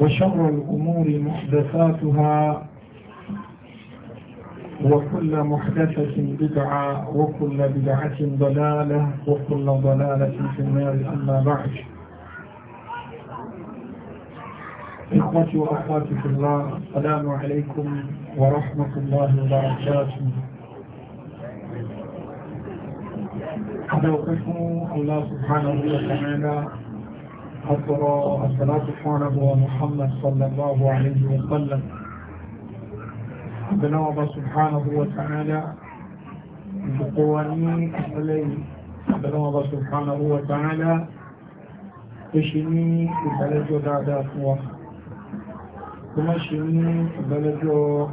وشر الأمور محدثاتها وكل محدثة بدعة وكل بدعة ضلالة وكل ضلالة في النار أما بعد إخوتي وأخواتي في الله السلام عليكم ورحمة الله وبركاته أدعوكم الله سبحانه وتعالى حضر الصلاة سبحانه ومحمد صلى الله عليه وسلم أبنى الله سبحانه وتعالى بقواني عليه أبنى الله سبحانه وتعالى إشني بلجو دادا سوا ثم إشني بلجو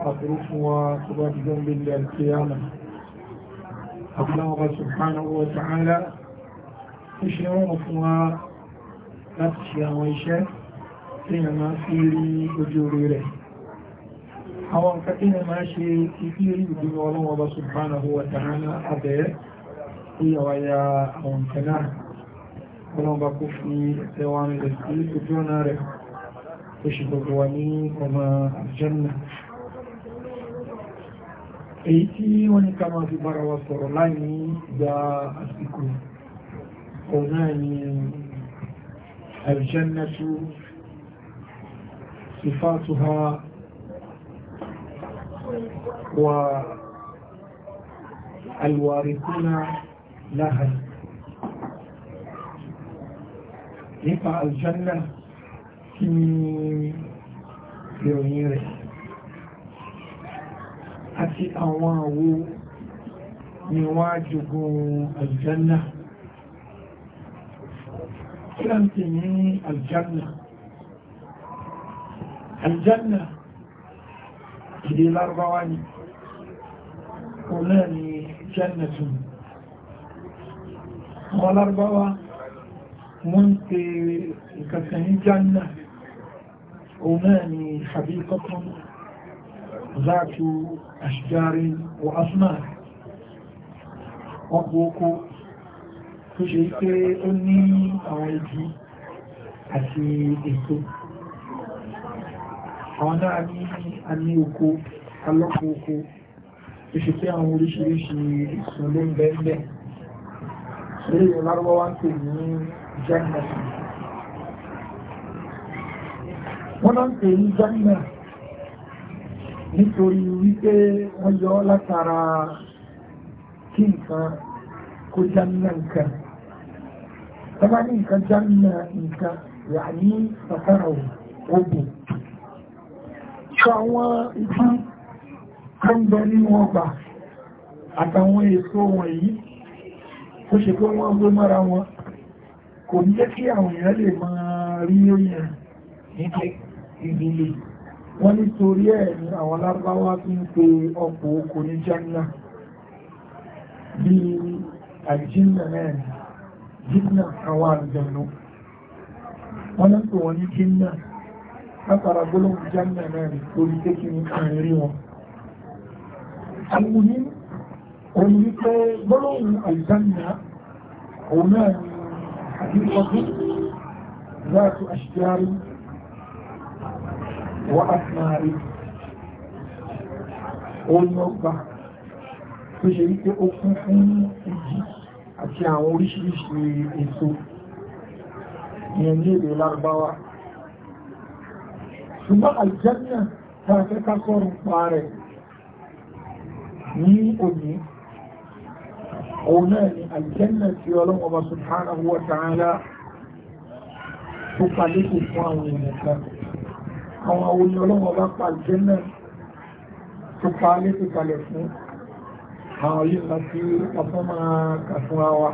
سوا وصباح جنب للقيامة أبنى الله سبحانه وتعالى إشني ومصنع láti ṣe àwọn iṣẹ́ tí èèyàn máa fi rí ojú orí rẹ̀ àwọn nǹkan tí èèyàn máa ṣe ti fi rí ìdúnú ọlọ́wọ́ bá subhanahu wa ta'ala abẹ́rẹ́ tó yà wáyà àwọn nǹkan náà ọlọ́wọ́ bá kó èyí tí wọ́n ní ká máa fi bára wa sọ̀rọ̀ láì ní ìgbà àsìkò ọ̀nà ni الجنة صفاتها والوارثون لها لقاء الجنة في غيره أتي أواه من واجب الجنة kí là ń pè ní aljanna aljanna èdè lárúbáwá ni kò náà ni jannatun ọmọ lárúbáwá wọ́n pè ìkàkà ní janna òun náà ni habiqatun ذات أشجار وأصناف وقوقو tó ṣe pé ó ní àwọn igi àti èso àwọn náà ní àní oko alọ́pọ̀ oko tó ṣe pé àwọn oríṣiríṣi èso ló ń bẹ́ẹ̀ orí ìlàrúwọ́ wá ń pè ní jẹ́nà wọ́n náà ń pè ní jẹ́nà nítorí wípé wọ́n yọ látara kí nǹkan kó jẹ́nà nǹkan tọ́ba ní nǹkan jámínà nǹkan rà ní ọ̀sára ògbò sọ àwọn ibi tó ń bẹ nínú ọgbà àtàwọn èso wọ̀nyí ó ṣe pé wọ́n gbé mọ́ra wọn kò ní jẹ́ kí àwọn èèyàn lè máa rí èèyàn nígbẹ́ ìdílé wọ́n nítorí ẹ̀ ní àwọn lárúbáwá tí ń pe ọkọ̀ oko ní jámínà bíi àìjíǹdà náà jínà àwọn àjẹ̀nù wọ́n ń pè wọ́n ní jínà látara gbólóhùn jánà náà rí lórí pé kí ni àárín rí wọn alùmí òun ní pé gbólóhùn àjánà òun náà ni àdínkọdún ذات أشجار وأثمار òun ni ọgbà tó àti àwọn oríṣiríṣi èso ìyẹn ní èdè lárúbáwá ṣùgbọ́n àlùjànnà tá a fẹ́ ká sọ̀rọ̀ pa rẹ̀ ní òní òun ni àlùjànnà tí ọlọ́wọ́ bá subhanahu wa ta'ala tó palékò fún àwọn èèyàn kan àwọn awolẹ́ ọlọ́wọ́ bá pa àwọn yìí kan tí ọkọ̀ máa kà fúnra wa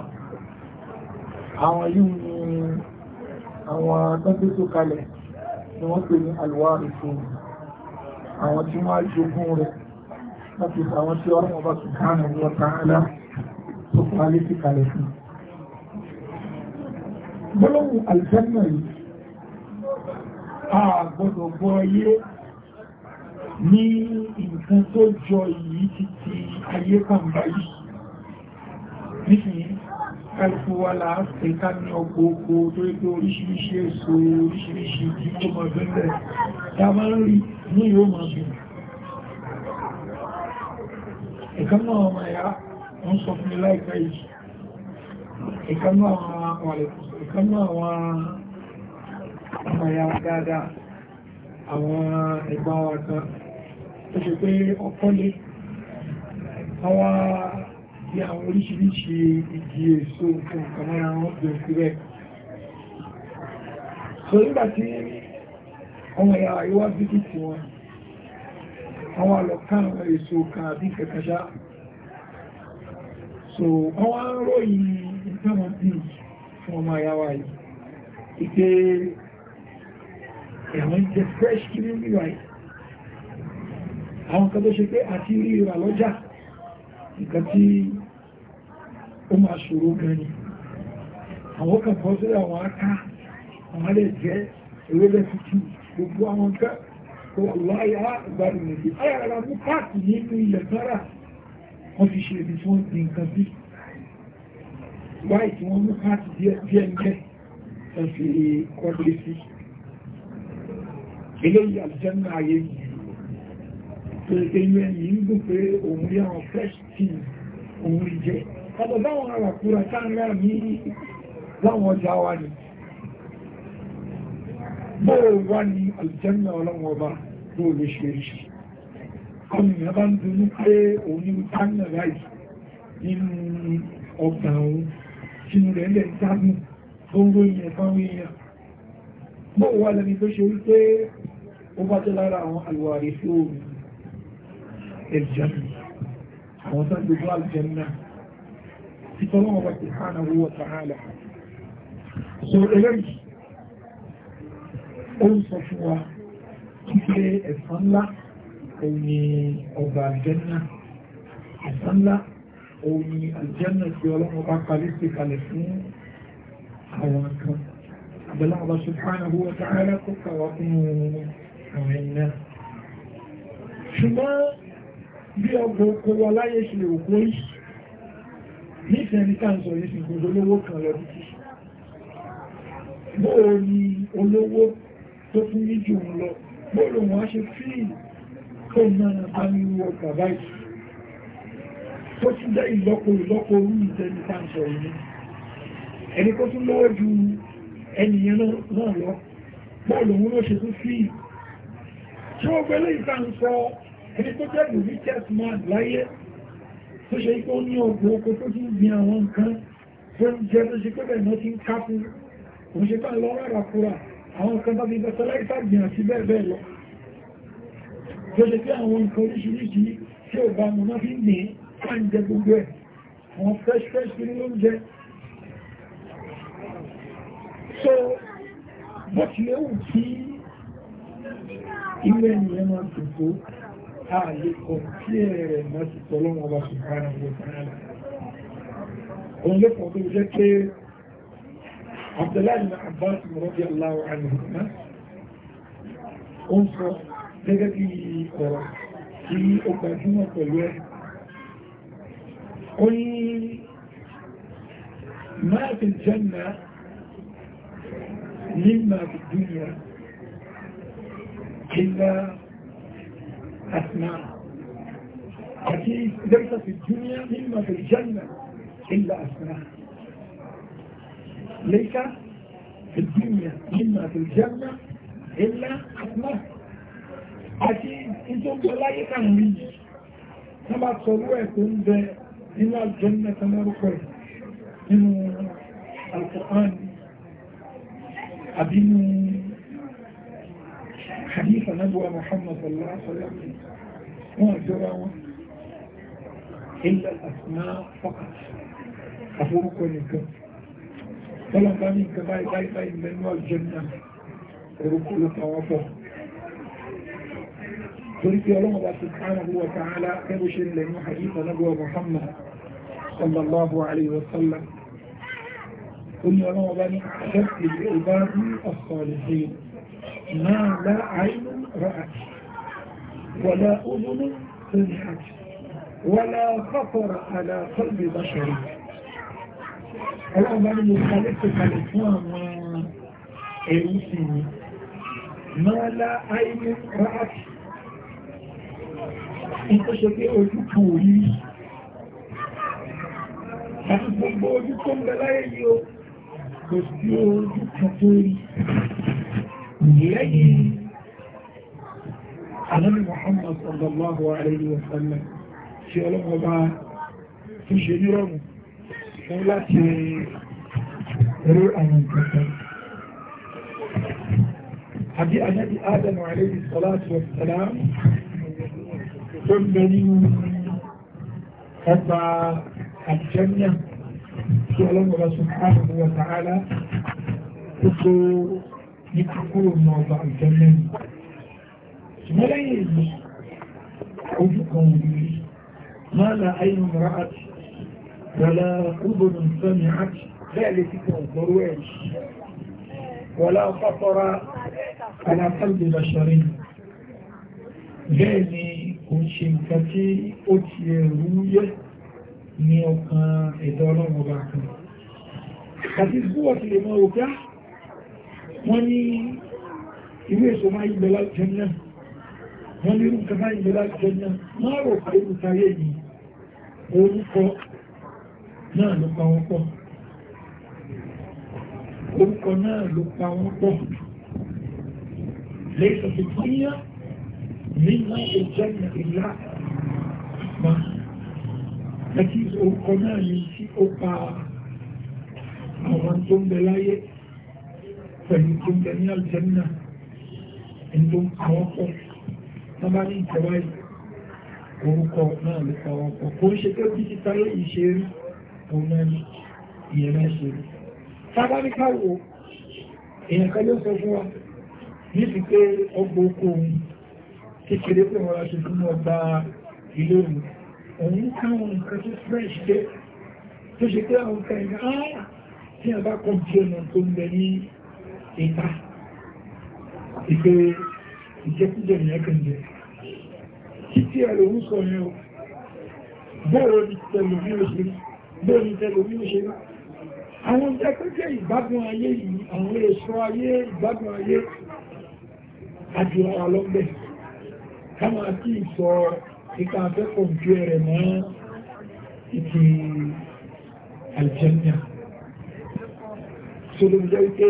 àwọn yìí ni àwọn akẹ́kẹ́kọ́ kalẹ̀ ni wọ́n pè ní alwarisu àwọn tí wọ́n á jogún rẹ̀ láti àwọn tí ọ̀rọ̀ ọba subhanahu wa ta'ala tó parí sí kalẹ̀ fún gbọ́lọ́wọ́ aljanna yìí a gbọ́dọ̀ gbọ́ ayé ní nǹkan tó jọ yìí ti ayé kan báyìí nísìnyí kálùkù wà láàáfẹ́ ká ní ọgbogbo tó rí pé oríṣiríṣi èso oríṣiríṣi tí ó mọ̀ bẹ́lẹ̀ tá a máa ń rí ní yóò mọ̀ bí ìkan náà ọmọ ẹ̀yà wọ́n sọ fún mi láìpẹ́ yìí ìkan náà àwọn ọmọ ẹ̀yà dáadáa àwọn ẹ̀gbọ́n àwọn bí àwọn oríṣiríṣi igi èso nǹkan kàmọ́ra wọn jẹ sílẹ̀ so nígbà tí ọmọ ìyá ìwá bíkìtì wọn àwọn àlọ́ká àwọn èso kan àbí kẹkẹṣá so àwọn aróyìn ìtàwọn bí fún ọmọ ìyá wa yìí ìpé ẹ̀wọ̀n jẹ fresh kiri rírà yìí àwọn kan tó ṣe pé àti rírà lọ́jà nǹkan tí ó máa ṣòro gani àwọn kan bọ́ sí àwọn aká àwọn alẹ́ jẹ́ ewébẹ̀ tútù gbogbo àwọn nǹkan tó láyá ìgbádùn nìdí ayára mú páàkì nínú ilẹ̀ sára wọ́n fi ṣe ibi tí nǹkan bí báyìí wọ́n mú páàkì díẹ̀ ń bẹ́ ẹ̀fì kọ́lé sí eléyìí àlùjẹ́ ayé yìí pẹ̀lú ẹni ń gùn pé òun rí àwọn fresh tea òun rí jẹ́ ọ̀pọ̀ báwọn àràkúra sáńgá ní láwọn ọjà wa ni bóò wá ní aljanna ọlọ́wọ́ bá bóò lè ṣe ríṣì ọmọ ìyàn bá ń dunú pé òun ní tánà láìsí nínú ọgbà òun sínú rẹ̀ lẹ́ dágùn tó ń ròyìn ẹ̀fáwọn èèyàn bóò wá lẹ́ni tó ṣe wípé ó bá jẹ́ lára àwọn àlùwàrí fún òun الجنة وصل بجوال الجنة في طلوع سبحانه هو تعالى إليه أوصى شوى كيف الصلاة أوني أوبا الجنة الصلاة أوني الجنة في ولم أبقى لسك لسنين حواكم أبلغ الله سبحانه وتعالى كفا وقنوا أمنا شمال bí ọgbọ̀n oko wọ láyé ṣe òkú orí ní ìsẹ̀ni káàsọ̀ yìí ṣùgbọ́n olówó kan lọ títí bóò ni olówó tó fún ní jù lọ bóò lòun wá ṣe fíìlì tó náà bá ní ọgbà báyìí tó ti dá ìlọ́po ìlọ́po orí ìsẹ̀ni káàsọ̀ yìí ẹni kó tún lówó ju ẹnìyàn náà lọ bóò lòun ló ṣe tún fíìlì tí ó gbẹ́lẹ́ ìta ń sọ ele tó jẹ́ as tẹ́sìmọ̀ láyé tó o ikú ní ọgbọ̀ oko tó ti foi gbin àwọn nǹkan tó ń jẹ́ tó ṣe pé bẹ̀rẹ̀ náà ti ń kápú òun ṣe pẹ́ lọ rárá kúrà àwọn nǹkan bá fi bẹ́sẹ̀ láìsá gbìyàn sí bẹ́ẹ̀ bẹ́ẹ̀ lọ tó ṣe pé àwọn nǹkan oríṣiríṣi tí ò bá mọ̀ náà fi ń gbìn á ń jẹ é ẹ̀ àwọn fresh fresh kiri ló ń jẹ so bó tilẹ̀ ààyè kò kí ẹ̀rẹ̀ náà ti tọ́lọ́wọ́ bá ṣe kára ọgbọ̀ tánàlá. Òun ló pọ̀ tó jẹ́ pé Abdullahi na Abbas Mọ̀rọ̀dí Aláwọ̀ Àlùmọ́, ó ń sọ gẹ́gẹ́ bí ọ̀rọ̀ tí ó gbajúmọ̀ pẹ̀lú ẹ̀. Ó ní máa fi jẹ́nà nígbà fi dúnyà, kí náà أسماء أكيد ليس في الدنيا مما في الجنة إلا أسماء ليس في الدنيا مما في الجنة إلا أسماء أكيد إنتم بلاي تنوي كما تصوركم إلا الجنة نركب من القرآن أبين hadith anábúwa Muhammad sallallahu alaihi wasallam wọ́n jọra wọn ilẹ̀ asmá fọ́kà àforúkọ nìkan tọ́lọ̀ bá ní nǹkan báyìí báyìí báyìí mẹ́nu àjẹ́nà orúkọ ló pa wọ́n pọ̀ torí pé ọlọ́run bá ti kánà bú wọ̀ta alá ẹbú ṣe lẹ̀ ní hadith anábúwa Muhammad sallallahu alaihi wasallam ó ní ọlọ́run bá ní àṣẹ́ ìbá ní ọ̀sọ̀ ما لا عين رأت ولا أذن سمعت ولا خطر على قلب بشر اللهم أنا مخالفك الإسلام والمسلمين إيه ما لا عين رأت أنت شبيع الكوري أنت بوجودكم لا يجيو بس بيو الكوري lẹ́yìn ànábì Muhammad sallallahu alayhi wa sallam tí ọlọ́wọ́ bá tún ṣe ní rọrùn fún láti rí àwọn ìkẹta àbí ànábì Adam alayhi salatu wa salam tó ń bẹ nínú ọgbà àjẹ́mìyàn tí ọlọ́wọ́ bá subhanahu wa ta'ala gbogbo ní kúrò mọ́ ọba ìjọ́lẹ̀ ṣùgbọ́n lẹ́yìn èyí ojú kan wùlé máa la ayé mọ́ra àti wàlá kúbọ̀nù sọ́mi àti bẹ́ẹ̀ lè ti kàn gbọ́rú ẹ̀ wàlá fọ́fọ́ra alákàlùbẹ̀ lọ́ṣọ́rí bẹ́ẹ̀ ni kò ṣe nǹkan tí ó ti ẹ̀rú yẹ́ ní ọkàn ẹ̀dọ́ ọlọ́run ọba kan àti bí wọ́n lè mọ òkè á wọ́n ní ìwé èso máa yí bẹ̀lá jẹ́nà wọ́n ní irúkà máa yí bẹ̀lá jẹ́nà máa rò pé olùtayé ní orúkọ náà ló pa wọ́n pọ̀ orúkọ náà ló pa wọ́n pọ̀ ليس في الدنيا مما الجنة إلا ما لكن orúkọ náà ní sí ó pa àwọn tó ń bẹ pẹ̀lú tó ń bẹ ní àlùjẹ́nà ẹni tó ń kàwọ́ pọ̀ tó bá ní ìjọba orúkọ náà ló kàwọ́ pọ̀ kò ń ṣe pé bí ti táyé yìí ṣe rí òun náà ní ìyẹn náà ṣe rí tábà ní káwọ èèyàn kan ló sọ fún wa òun káwọn nǹkan tó fresh dé tó ṣe pé àwọn kan ní ah, tí a bá kọ́ bí ẹnu tó ń bẹ ní ìta ìpé ìjẹkújẹ ìyẹ́kẹ́jẹ títí ẹ̀rọ ń sọ ní o bẹ́ẹ̀rọ ni tẹ̀lú bí ó ṣe bẹ́ẹ̀ ni tẹ̀lú bí ó ṣe rí àwọn ìjẹkújẹ ìgbádùn ayé yìí àwọn èso ayé ìgbádùn ayé àjòrà lọ́gbẹ̀ káwọn àti ìsọ ìta afẹ́kọ̀ọ́ ju jẹ́ wípé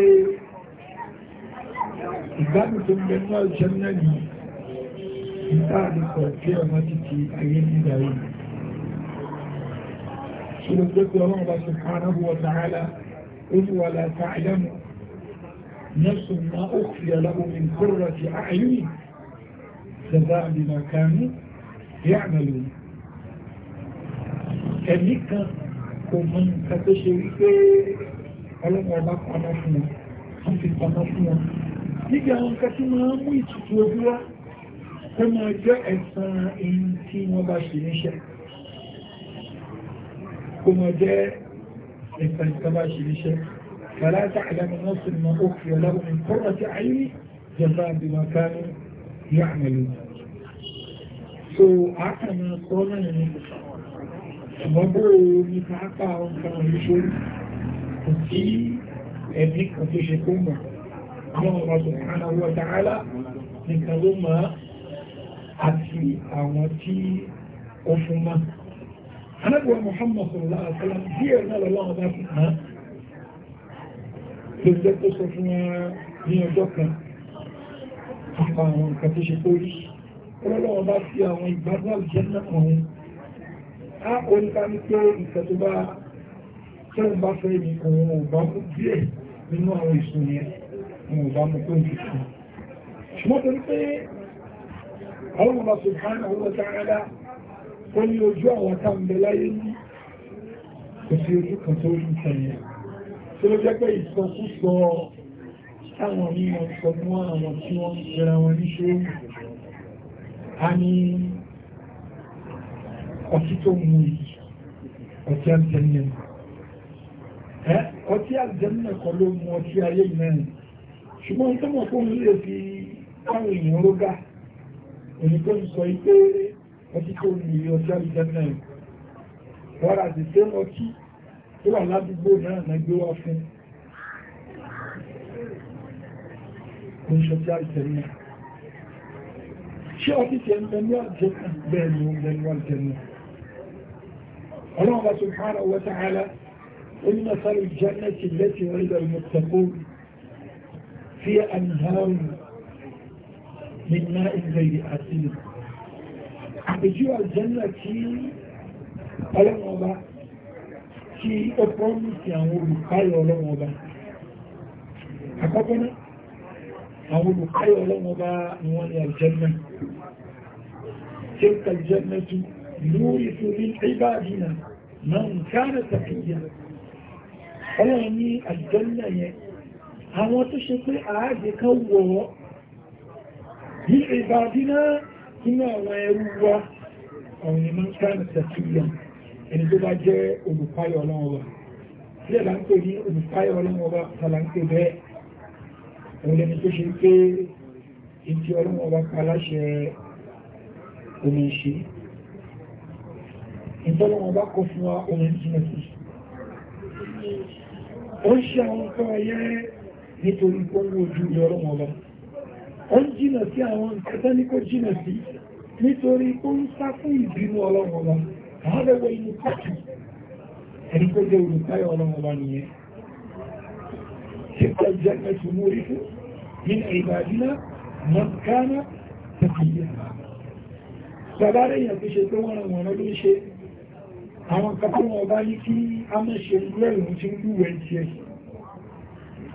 ìgbádùn tó ń bẹ ní ọjọ́ náà ní ìtàdìkọ̀ tí ọmọ títí ayé nígbà yìí ṣùgbọ́n tó pé ọlọ́run bá ṣe kàánà bú wọ́n tààlà ó ní wà láta àlẹ́mù nẹ́sùn náà ó fi aláwọ̀ mi kúrò ti wọ́n fi pamọ́ fún wọn gíga nǹkan tí wọ́n mú ìtùtù ojú wá kó máa jẹ́ ẹ̀sán in tí wọ́n bá ṣe níṣẹ́ kó máa jẹ́ ẹ̀sán in tí wọ́n bá ṣe níṣẹ́ فلا تعلم نفس ṣùgbọ́n bó ní káàkà àwọn kan kò sí ẹ̀mí kan tó ṣe kó mọ̀ àwọn ọmọ subhanahu wa ta'ala nìkan ló mọ̀ àti àwọn tí ó fún mọ́ anábíwá Muhammad sallallahu alaihi wasallam díẹ̀ náà lọ́wọ́ bá fi hàn tó jẹ́ tó sọ fún wọn ní ọjọ́ kan nípa àwọn nǹkan tó ṣe kó rí ọlọ́wọ́ bá fi àwọn ìgbádùn bá fẹ́ ní òun ò bá mú díẹ̀ nínú àwọn ìsúnyẹn ní ìbámu tó ń jùsù ṣùgbọ́n tó ń pé àwọn ọmọ subhanahu wa ta'ala ó ní ojú àwọn táàmì láyé ní kò sí ojú kan tó rí ìtẹ̀yẹ tó ló jẹ́ pé ìsọkúsọ táwọn mímọ̀ sọ mú àwọn tí wọ́n ń pẹ̀rẹ̀ wọn ní ṣe a ní ọtí tó mú ọtí àjẹ́mìnà ọtí àjẹ́mìnà kọ́ ló mú ọtí ayé mẹ́rin ṣùgbọ́n tó mọ̀ fún mi lè fi káwọn èèyàn rógá èyí tó ń sọ ipé ọtí tó ní ilé ọjọ́ ìjẹ́mẹ́ wọ́ra ti tẹ́ ọtí tó wà ládùúgbò náà na gbé wá fún oúnjẹ ìjẹ́mẹ́ ṣé ọtí tẹ́ ń bẹ̀rù àjẹ́mẹ́ bẹ́ẹ̀ ni ó ọlọ́run bá sọ fún ara wọ́ta ara ó ní mẹ́sàlù jẹ́ mẹ́sì lẹ́sì ọ̀rẹ́dà ìmọ̀tẹ̀kùn في أنهار من ماء غير أسير àpèjú àjẹ́nà tí ọlọ́wọ́n ọba tí ó pọ́mìsì àwọn olùkáyọ̀ ọlọ́wọ́n ọba àkọ́kọ́ náà àwọn olùkáyọ̀ ọlọ́wọ́n ọba ni wọ́n ní àjẹ́nà tí ó kà jẹ́nà tó lórí torí ìbáàdínà náà nǹkan àtàkìyà ọlọ́wọ́n àwọn tó ṣe pé ààjẹ kan wọ̀ wọ́n bí ìbàdínà nínú àwọn ẹrú wa ọ̀rìn ìmọ̀ ìsáàmì tẹ̀síyà ẹni tó bá jẹ́ olùpáyọ̀ ọlọ́run ọba tí ẹ̀lá ń pè ní olùpáyọ̀ ọlọ́run ọba tàbí ń kọ fún wa omi ń ó ṣe àwọn nǹkan ẹyẹ nítorí tó ń wo ojú ilé ọlọ́wọ́ lọ ó ń jìnà sí àwọn nǹkan tán ní kó jìnà sí nítorí tó ń sá fún ìbínú ọlọ́wọ́ lọ inú pàtó ẹni tó jẹ́ olùkáyọ̀ ọlọ́wọ́ nìyẹn تلك الجنة نورث من عبادنا من كان تقيا sàbárẹ̀yàn tó ṣe tó wọ́n ràn wọ́n ló ṣe àwọn kàtàwọn ọba ní kí a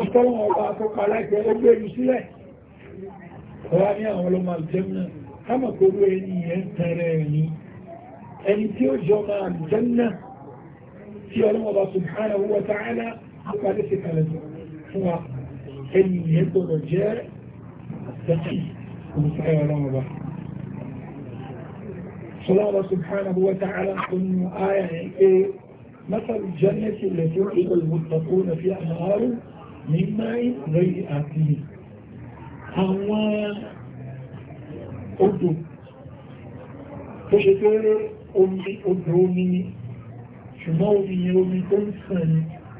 ìtọ́wọ̀n ọba àtọ́kọ̀ aláìsẹ̀ ó gbé ìlú sílẹ̀ wá ní àwọn ọlọ́mọ àlùjẹ́mìnà kámọ̀ kó rú ẹni yẹn tẹ̀rẹ̀ ẹ̀ní ẹni tí ó jọ ọmọ àlùjẹ́mìnà tí ọlọ́mọ ọba subhanahu wa ta'ala ó padé sí kalẹ̀ fún wa ẹni yẹn gbọdọ̀ jẹ́ àtẹ́kì olùsáyọ̀ ọlọ́mọ ọba صلى سبحانه وتعالى قلنا آية مثل الجنة التي وعد المتقون فيها نهار ní máì rẹ̀ àti àwọn odò tó ṣe tó rẹ̀ omi odò omi ni ṣùgbọ́n omi yẹn omi tó ń sàn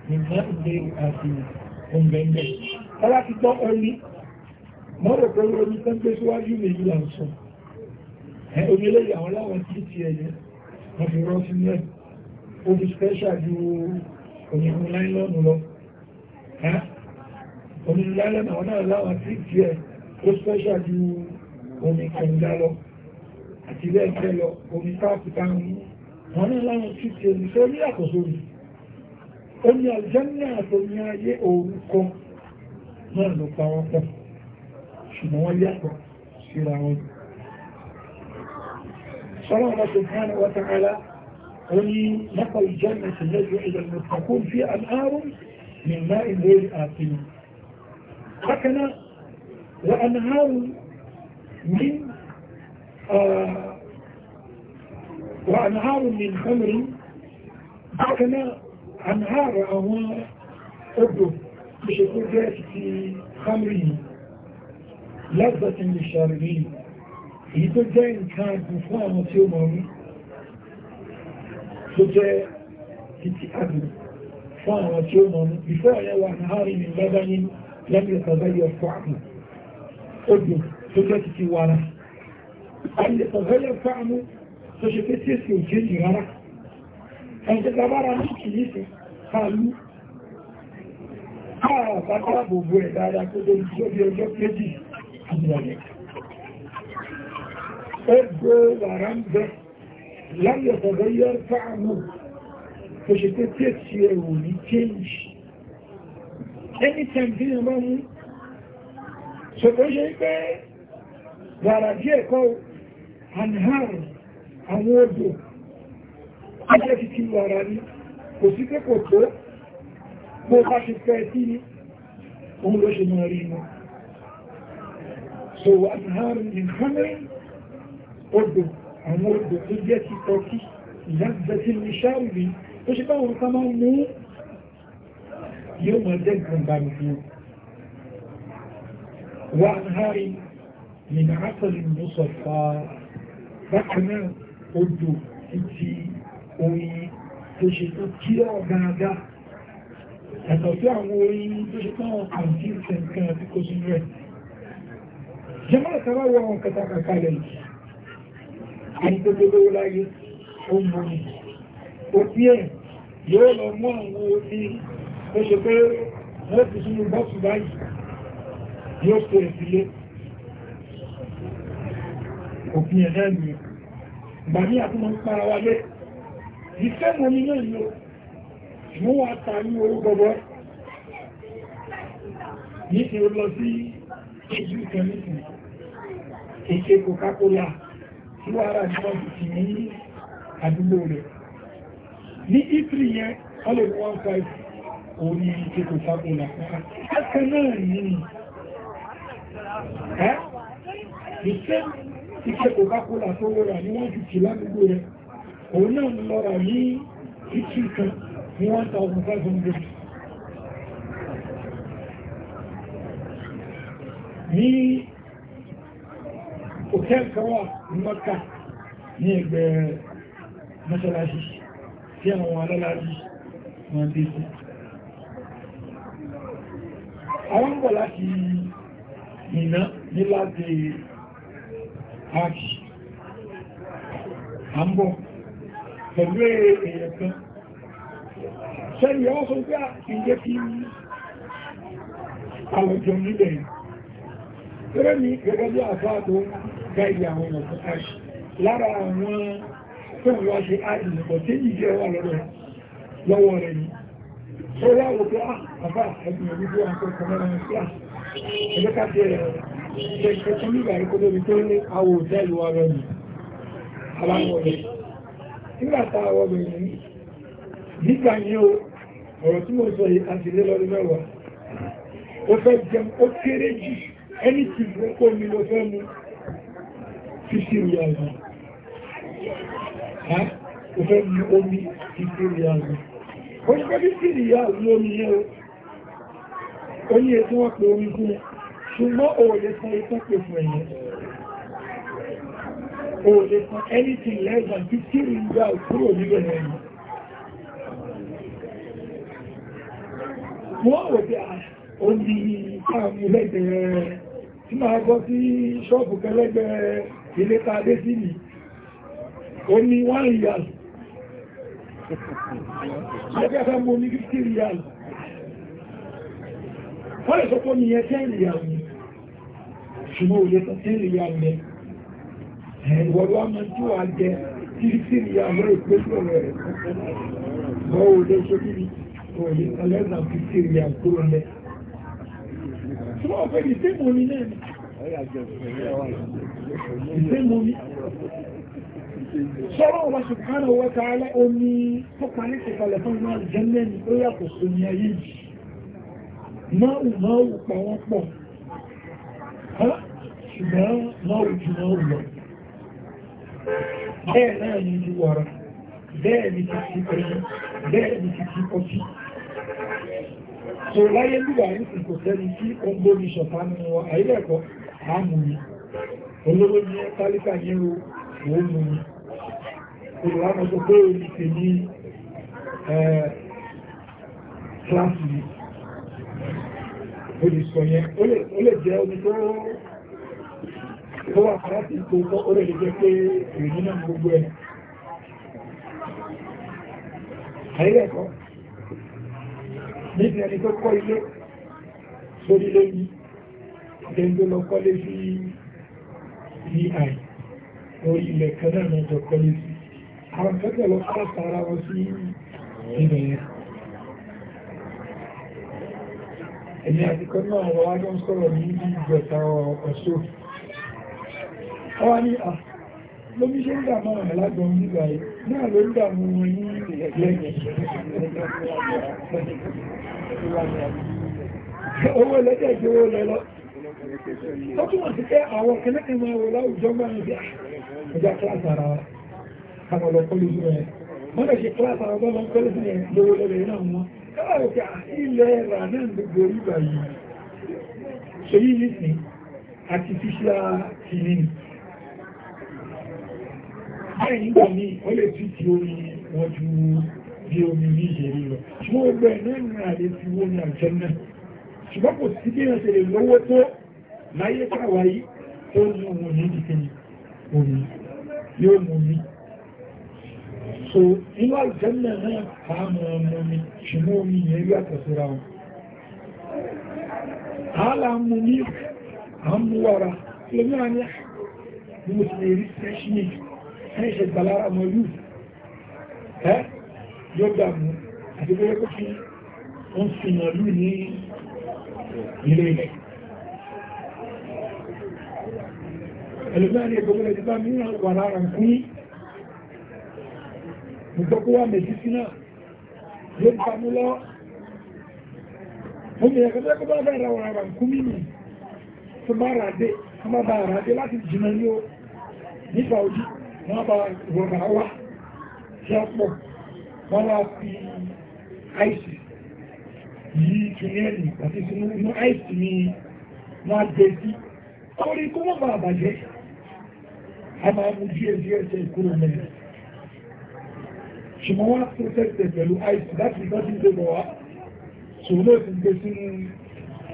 ní máì rẹ̀ àti ọmọbẹ̀mẹ̀ alákìtọ́ omi mọ́rọ̀ pẹ̀lú omi tó ń gbé síwájú méjì là ń sọ omi lè yàwọn láwọn tí onílẹ́lẹ́nà wọn náà láwọn tí tí ẹ̀ tó spẹ́ṣà ju omi kẹ̀ǹdà lọ àti ilé ẹ̀kẹ́ lọ omi káàkùtà ń mú wọn náà láwọn tí tí ẹni tó ní àkóso rí ó ní àlùjànnà ayé orúkọ náà ló pa ṣùgbọ́n wọ́n yàtọ̀ síra wọn صلى الله سبحانه وتعالى ومن نقل الجنة التي إلى المتقون فيها أنهار من ماء غير آتين أكل وأنهار من آه، وأنهار من خمر أكل أنهار أهواء أبو بشكل جاس في خمره لذة للشاربين يقول جاين كان مفهوم سيومهم سجاء في تأذن مفهوم سيومهم بفعل وأنهار من لبن lẹ́nu ìtọ̀gẹ́lẹ̀ ọ̀fọ́ àmì odò tó jẹ́ ti ti wara ìtọ̀gẹ́lẹ̀ ọ̀fọ́ àmì tó ṣe pé tí èsì òjèèjì rárá ẹ̀jẹ̀ta bára ní kìí sí kàálù káà bàtà gbogbo ẹ̀ dáadáa tó lórí tí ó bí ọjọ́ kéjì àmìlẹ̀ ó gbó wàrá ń bẹ́ láyọ̀ tọ̀gẹ́lẹ̀ ọ̀fọ́ àmì tó ṣe pé tí ẹ̀ ò ní kéjì anytime bí i máa mú ṣòkòó ṣe pé gbàrà díẹ̀ kọ́ anhar àwọn odò ajẹ́ ti ti wàrà ní kò sí pé kò tó bó bá ṣe fẹ́ sí ní ló ṣe máa rí wọn so anhar ìhánẹ́ odò àwọn odò tó jẹ́ ti tọ́kí ìyá ìjẹ́ sí ní ṣáàrì ṣe báwọn ká yóò mọ̀ jẹ́ gbọ̀ngbà mi fún wa ń hárí ní àtọ̀lù mùsọ̀fà bákan náà odò títí oyin tó ṣe tó kí ọ̀ dáadáa ẹ̀tọ̀ sí àwọn orin tó ṣe tán àti ìsẹ̀nkẹ́ àti kò sínú rẹ̀. jẹmọ́ ìtara wọ àwọn kẹta kàkàlẹ̀ yìí àìgbogbo láyé ó mú ní òbí ẹ̀ yóò lọ mú àwọn orin tó ṣe pé wọ́n ti sínú bọ́ọ̀sù báyìí yóò tó ìfilé òfin ẹ̀dá ìlú ìgbà ní àtúmọ̀ ń para wálé ìfẹ́ mọ́ ní náà yóò mú wá ta ní orú gbogbo ní ti lọ sí ìjú kẹ́mìtì èké Coca-Cola tí wà rà ní wọ́n ti ní àdúgbò rẹ̀ ní Italy yẹn ọlọ́run 150 orí ètò sábòlà ẹ̀kẹ́ náà ní ẹ́ ìṣẹ́ ìṣẹ́ coca-cola tó lọ́ra níwájú ti ládùúgbò rẹ̀ òun náà ń lọ́ra ní ìtì kan ní 1500 ní òkẹ́ kan wà ní mọ́ta ní ẹgbẹ́ mọ́sálásí tí àwọn alálàájì wọ́n dé sí àwọn ń bọ̀ láti ìná ní láti ààkì à ń bọ̀ pẹ̀lú èèyàn kan sẹ́yìn yọ́ sọ pé ìjẹ́ kí àwọ̀jọ nílẹ̀ tẹ́rẹ́ ní gẹ́gẹ́ bí àfáàdó gáìdì àwọn ọ̀pọ̀ àṣì lára àwọn tó wọ́n ṣe àìsìnkọ̀ tí ìjẹ́ wà lọ́wọ́ rẹ̀ ni ó yá ah, wò ah. pé àbá ẹ̀gbìn ìlú bí àpò ìkọ̀mọ́ra ní síà ẹgbẹ́ káfí ẹ̀ ṣe ìṣẹ́kún nígbà ẹ̀kọ́ lórí tó ní àwọ̀ òjẹ́lú wa rẹ̀ ní aláwọ̀lẹ̀ nígbà tá àwọ̀ rẹ̀ o ọ̀rọ̀ tí mo sọ yìí àti lé lọ́rí mẹ́wàá ó fẹ́ jẹun ó kéré jù ẹni tí ó kó mi ló ó ṣe bí sí ìyá lómi yẹ́ o ó ní ètò wọ́n pè omi fún anything less than 15 ringa kúrò nílẹ̀ ẹ̀yẹ wọ́n wò pé omi ah, káàmù lẹ́gbẹ̀ẹ́ tí máa gbọ́ sí ṣọ́ọ̀bù kẹlẹ́gbẹ̀ẹ́ ilé ta dé sí ni ó ní 1 years Ẹgbẹ́ta mo ní fifty riyal. Wọ́n lè sọ pé ní ẹgbẹ́ riyal ni. Ṣùgbọ́n òye tó tí riyal lẹ. Ìwọ̀lọ́ a máa tí wà jẹ fifty riyal lórí pé sọ̀rọ̀ rẹ̀. Wọ́n ò lè ṣe kí òye ẹlẹ́gbà fifty riyal kúrò lẹ. Ṣùgbọ́n ọ̀fẹ́ ìsẹ́mọ̀ sọ́rọ̀ ọba subhanahu wa ta'ala omi tó parí ti kalẹ̀ fún iná jẹ́lẹ̀ ní ó yàtọ̀ sí ní ayé jì máa máa pa wọ́n pọ̀ ṣùgbọ́n máa jù máa lọ bẹ́ẹ̀ náà ní ìlú wara bẹ́ẹ̀ ní ti ti ẹ̀yẹ bẹ́ẹ̀ ní ti ti ọtí sọ̀rọ̀ láyé lúwà ní kò sẹ́ni tí ó ń gbóni ṣọ̀tá nínú wọn àyílẹ̀kọ́ àmúni olówó ní tálíkà ní ro òun mú ni olùwàmọ́sọ pé èmi pè ní kíláàsì olùsọ yẹn ó lè jẹ́ omi tó wà kíláàsì tó tọ́ ó lè jẹ́ pé èmi náà gbogbo ẹ̀ àìlẹ́kọ́ níbi ẹni tó kọ́ ilé sórí lẹ́yìn ìdẹ́gbẹ́ lọ kọ́lé sí ei orí ilẹ̀ kan náà mẹ́jọ kọ́lé sí àwọn kẹ́kẹ́ lọ pàtà wọn sí ilẹ̀ yẹn èyí àtìkọ́ náà wọ́n ndị ń sọ̀rọ̀ ní ibi ìgbẹ̀ta ọ̀ṣọ́ ọwá ní à lómi ṣe ń dàmọ́ rẹ̀ lágbọn nígbà yìí náà àwọn ọ̀lọ́ kọ́lẹ́jì rẹ̀ wọ́n lè ṣe kíláàsì àwọn ọmọ kọ́lẹ́jì rẹ̀ lówó lọ́rẹ̀ náà wọn káwàrọ̀ pé ilẹ̀ rà náà gbogbo orí báyìí ṣe yí nìsín artificial kìíní báyìí nígbà ní wọ́n lè tí tí omi wọ́n ju bí omi ní ìṣèlú lọ ṣùgbọ́n ọgbẹ́ náà ní àlè ti wó ní àjọ náà ṣùgbọ́n kò sí bí yóò mú mi so inú àjẹ́mẹ̀ náà àmà ọmọ mi ṣùgbọ́n omi yẹn rí àtẹ̀síra wọn àálà mú ní àmúwàrà lómìnà ní mo ti lè rí fẹ́ṣíník ẹ̀yìn ṣe gbàlára mọ̀ ìlú ẹ́ yóò dàmú ń fìnà ní ilé ilẹ̀ ẹlòmìnà ní ẹgbẹ̀rẹ̀ ti mìíràn wà lára ń kún ìgbọ́kú wà méjì sí náà ló bá mú lọ ó mẹ́yẹ̀ kẹta kọ́ bá bẹ̀rẹ̀ wọ̀n ara nkúmí nì tó bá rà dé wọ́n bá bá rà dé láti jìnà ní o nípa ojú wọ́n bá wọ̀nà wá tí a pọ̀ wọ́n wá fi àìsì yìí kìnnìyàn àti sinú àìsì ni wọ́n á dé sí orí kó wọ́n bá bàjẹ́ a máa mú díẹ̀ díẹ̀ sí ìkúrò mẹ́rin ṣùgbọ́n wọ́n protected ẹ̀ pẹ̀lú ice láti ìtọ́jú tó bọ̀ wá ṣòro ti gbé sínú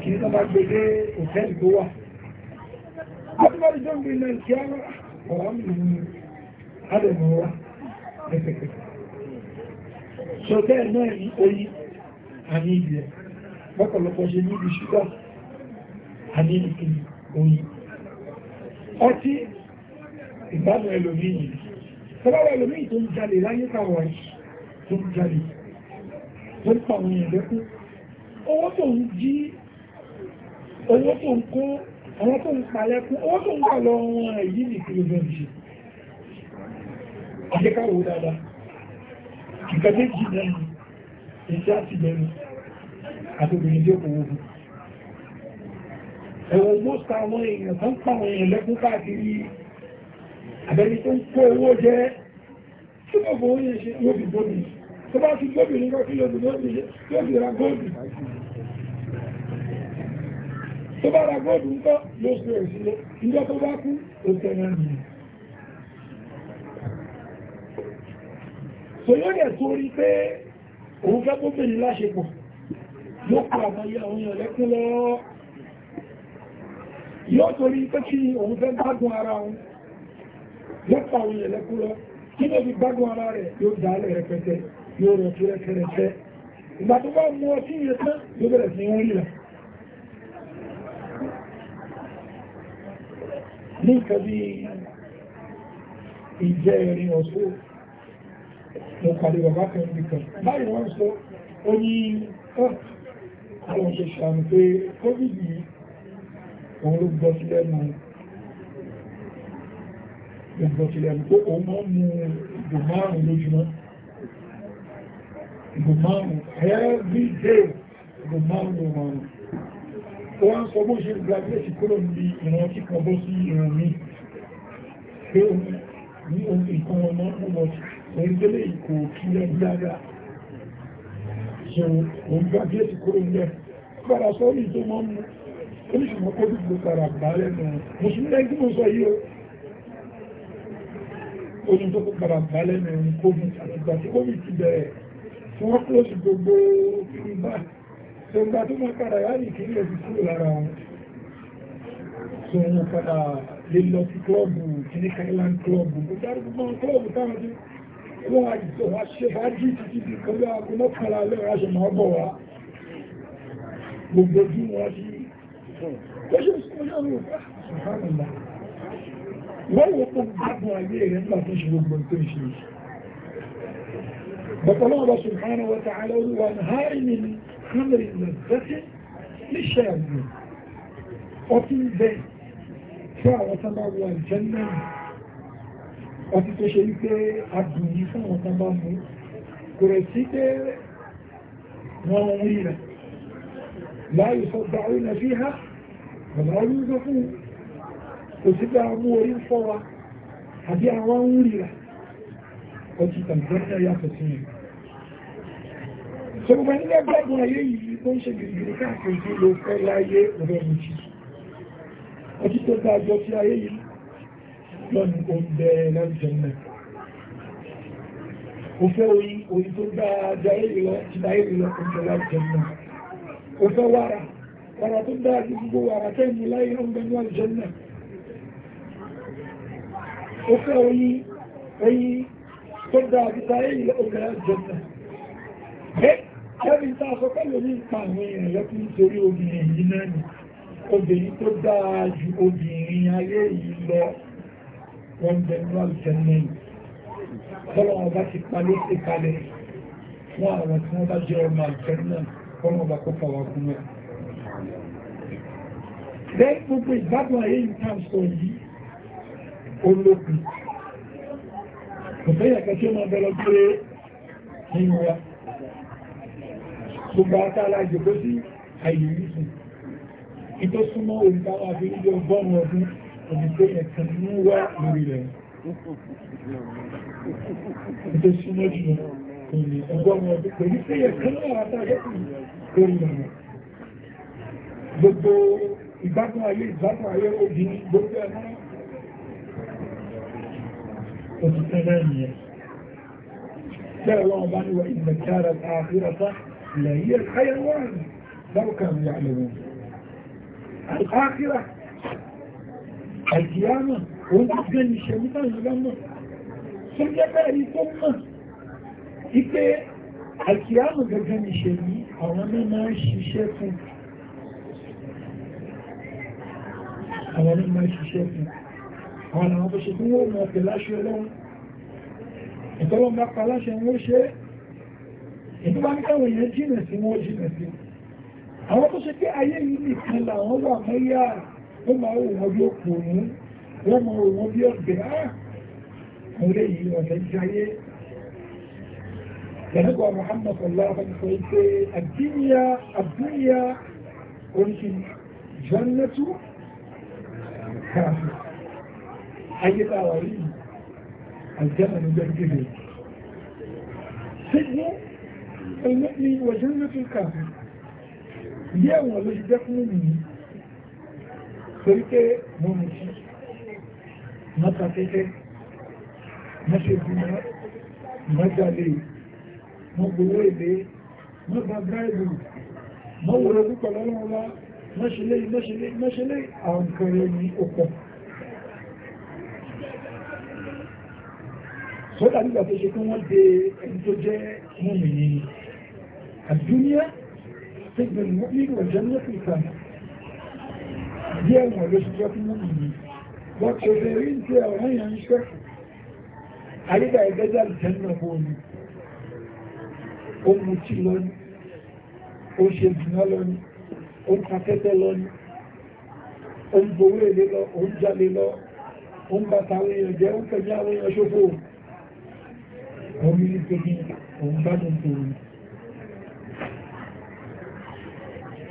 kí ní tọ́bá gbé dé hòtẹ́lì tó wà látìbárí jọ ń gbé ilẹ̀ kí á ọ̀rọ̀ mìíràn adẹ̀mọ̀ wá lẹ́sẹ̀kẹ́ ṣọ̀tẹ́ náà ní oyi àní ibi ẹ̀ mọ́kànlọpọ̀ ṣe níbi ṣúgbà àní ìkìlì oyi ọtí ìgbàmù ẹlòmíyàn tọ́lọ́wọ́ lómi tó ń jalè láyé káwọ̀ ẹ̀ tó ń jalè tó ń pa àwọn èèyàn lẹ́kún owó tó ń jí owó tó ń kó àwọn tó ń pa lẹ́kún owó tó ń gbà lọ wọn èyí ní ìpínlẹ̀ bẹ́ẹ̀ ṣe àjẹkáwò dáadáa ìkẹ́ méjì lẹ́nu èyí àti lẹ́nu àti obìnrin tí ó kò wó ẹ̀wọ̀n most àwọn èèyàn tó ń pa àwọn èèyàn lẹ́kún káàkiri àbẹ́ni tó ń kó owó jẹ́ tí mo bò ó yẹ ṣe yóò fi gbóbi tó bá ti gbóbi ní kọ́kí lóbi yóò fi ra góòdù tó bá ra góòdù ń kọ́ yóò fi rẹ̀ sílé ìjọ tó bá kú ó tẹ̀lé nìyẹn so yóò dẹ̀ torí pé òun fẹ́ kó bèèrè láṣepọ̀ yóò kọ àwọn ìyá òun yàn lẹ́kún lọ yóò torí pé kí òun fẹ́ gbádùn ara òun lọ́pọ̀ àwọn èèyàn lẹ́kúrọ́ kí ló fi gbádùn ara rẹ̀ yóò dá lẹ̀ rẹpẹtẹ yóò rẹ̀ tó rẹpẹrẹpẹ ìgbà tó bá mú ọtí yẹn tán yóò bẹ̀rẹ̀ sí wọn rírà ní nǹkan bí àwọn òṣèṣàn pé covid yìí òun ló gbọ́ sílẹ̀ náà ìgbọ̀tìlẹ̀ tó o mọ́ mú ìgbò márùn-ún lójúmọ́ ìgbò márùn-ún every day ìgbò márùn-ún márùn-ún ó wá ń sọ bó ṣe graduate kúrò ní ìran tí kan bó sí ìran mi pé ní ohun ìkan ọmọ ọmọ òun tẹ́lẹ̀ ìkò kí ẹ dáadáa ṣe òun graduate kúrò ní ẹ padà sọ́ọ́lì tó mọ́ mú oníṣùmọ́ kó dùgbò padà bá lẹ́nu mùsùlùmí ẹgbẹ́ mọ́ sọ yìí oní tó kó padà bá lẹ́nu ẹ̀rùn covid àti ìgbà tí covid ti bẹ̀rẹ̀ tí wọ́n kúrò sí gbogbo ìgbà tó gbà tó máa padà yá ní kí ilẹ̀ ti kúrò lára wọn tó wọn padà lè lọ sí klọ́ọ̀bù kìíní Island klọ́ọ̀bù gbogbo àdúgbò klọ́ọ̀bù táwọn ti wọ́n á jọ wá ṣe bá jí títí di kan bí aago mọ́kànlá lẹ́rọ aṣọ máa bọ̀ wá gbogbo ojú wọn sí ó ṣe sí wọ́n wò fún gbádùn ayé rẹ̀ nígbà tó ṣe gbogbo tó ṣe yìí bàtàlá ọba subhanahu wa ta'ala olúwa nàárì ní hamri lẹ́sẹ̀ níṣẹ́ àgbẹ̀ ọtí ń bẹ fún àwọn tó bá wọ àjẹ́nà ọtí tó ṣe wípé adùn yìí fún àwọn tó bá mú kò rẹ̀ sí pé wọ́n ń rí rẹ̀ láyé sọ gbàrú nàfíhà bàbá olúwa fún un kò sí orí fọ́ wa àbí àwọn ń rírà ọjọ́ ìtàlùbọ́nà yàtọ̀ sí yìí so gbogbo nílẹ̀ gbọ́gbọ́n ayé yìí tó ń ṣe gbìyànjú káàkiri tí ló fẹ́ láyé ọ̀rẹ́ ọjí tó dájọ́ sí ayé yìí lọ́nà oúnjẹ lẹ́jẹ̀ náà o fẹ́ oyin oyin tó dájọ́ ayé lọ ti láyé lọ oúnjẹ lẹ́jẹ̀ náà وكوي أي تبدأ بتاعي لأولى الجنة Kẹ́bí tá a sọ pẹ́lú ní ìpa àwọn èèyàn lẹ́kùn nítorí obìnrin yìí náà ni, obìnrin tó dáa ju obìnrin ayé yìí lọ wọ́n jẹ́nu àlùjẹ́nà yìí. Bọ́lá wọn bá ti pa ló ṣe kalẹ̀ fún olókùn kò fẹ́ yàkà tí ó máa bẹ̀rẹ̀ pé nínú wa gbogbo àtàlà ìjọba sí àìyíkù ìtọ́ súnmọ́ olùdáwà fi ní ọgọ́rùn ọdún òdìgbé ẹ̀kan ní wá lórí rẹ̀ ìtọ́ súnmọ́ jù òní ọgọ́rùn ọdún pẹ̀lú pé ẹ̀kan náà àtàlà lórí rẹ̀ gbogbo ìgbádùn ayé ìgbádùn ayé òdì gbogbo ẹ̀mọ́ والثمانية لا الله عنه وإن الدار الآخرة لهي الحيوان لو كانوا يعلمون الآخرة القيامة وانت تجني الشيطان لما سنجا كاري ثم إذا القيامة تجني الشيطان أنا ما أو أنا ما الشيطان àwọn àwọn tó ṣe tí wọ́n mọ̀ pè láṣẹ ọlọ́run ìtọ́lọ́n bá pa láṣẹ wọ́n ṣe ìtọ́bá ní káwọn èèyàn jìnà sí wọ́n jìnà sí àwọn tó ṣe pé ayé yìí nìkan làwọn wà mẹ́yà ó máa wò wọ́n bí ó pò ní wọ́n mọ̀ wò wọ́n ah! jannatu káfíà ayé tá a wà rí àjẹ́mọ̀ ní jẹ́ gẹ́gẹ́ sígbó ẹ̀yẹ́ ni wọ̀jẹ́ ń lọ́tún kà yẹ́ wọ̀n ló jẹ́ fún mi torí pé mo mú sí mọ́ta tẹ́tẹ́ mọ́ṣe bímọ mọ́jàlè mọ́ gbowó èlé mọ́ gba bíráìlì mọ́ wòrò púpọ̀ lọ́lọ́wọ́ mọ́ṣẹ́lẹ́ mọ́ṣẹ́lẹ́ àwọn nǹkan rẹ̀ ní ó pọ̀ tó dàbí ìgbà tó ṣe pé wọ́n de ẹni tó jẹ́ mọ́mì ní àdúnyá tẹ́gbẹ̀ nínú ọ̀jẹ́ ní ọ̀pìta díẹ̀ wọ̀n ló ṣiṣẹ́ fún mọ́mì ní wọ́n tó lè rí ní ọ̀rọ̀ yẹn ń ṣẹ́ àyíká ẹgbẹ́jà ìjẹ́ náà bó ni ó ń lọ ní ó òun ní wípé ní òun gbádùn tòun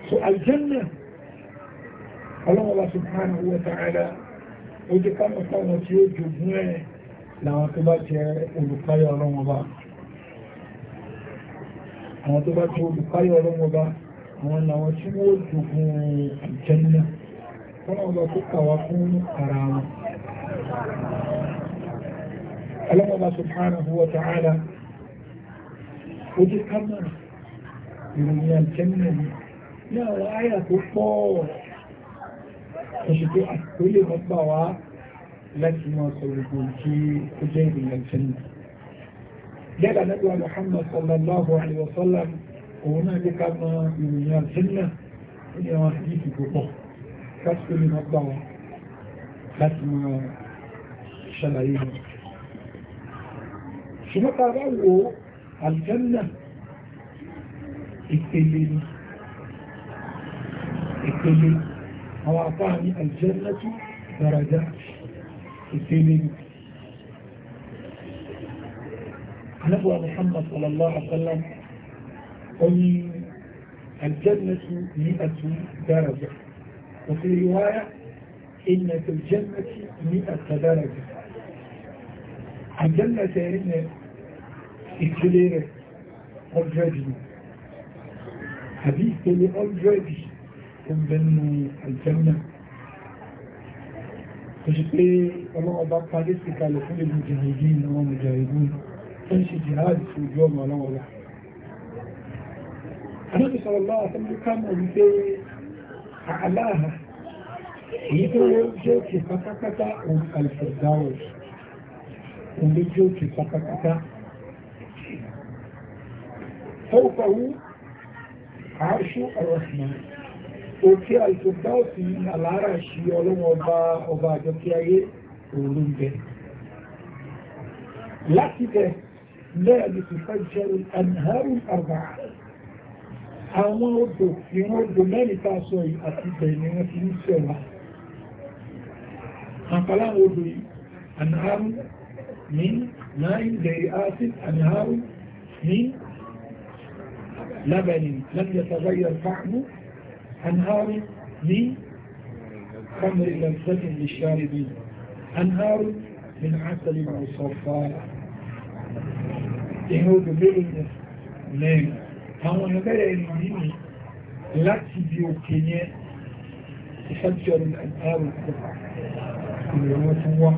so aljanna ọlọ́wọ́lá subhanahu wa ta'ala ó jẹ́ ká mọ̀ fáwọn tí ó jogún ẹ̀ láwọn tó bá jẹ́ olùkáyọ̀ ọlọ́wọ́ba àwọn tó bá jẹ́ olùkáyọ̀ ọlọ́wọ́ba àwọn làwọn tí ó jogún tó kàwá fún ara wọn ألم الله سبحانه وتعالى وجد أمر يرمي الجنة لا رأي كفور فشتوا كل مطبوعة لكن ما سيقول في حجيب الجنة جاب ندوى محمد صلى الله عليه وسلم هناك كما يرمي الجنة إلى حديث كفور فشتوا كل مطبوعة لكن ما شلعينه شنو قال له الجنة اكتلين اكتلين هو أعطاني الجنة درجات اكتلين نبوى محمد صلى الله عليه وسلم قل الجنة مئة درجة وفي رواية إن في الجنة مئة درجة الجنة يعني ìpele rẹ̀ ọ̀drẹ́dì àbí ìpele ọ̀drẹ́dì ọ̀bẹ̀nù àjẹ́mìnà tó ṣe pé ọlọ́wọ́ bá parí sí kalẹ̀ fún ìlú jìnàjí ìnáwọn mùjàìdú tó ń ṣe jìhádì sí ojú ọmọ ọlọ́wọ́lá èyí tó jẹ́ òkè pátápátá òun alfẹ̀dáwọ̀ òun فوقه عرش الرحمن òkè àìsòdáòsì àlàárà ṣe ọlọ́wọ́ ọba ọba àjọkí ayé òòrùn bẹ láti bẹ náà ni fífà jẹrù anharu àbá àwọn odò ìwọn odò a sọ ni wọ́n لبن لم يتغير طعمه انهار من خمر لذة للشاربين انهار من عسل مصفى يهود بيلنس نيم تاون بيري نيم لاتي بيو كينيا تفجر الانهار كل يوم هو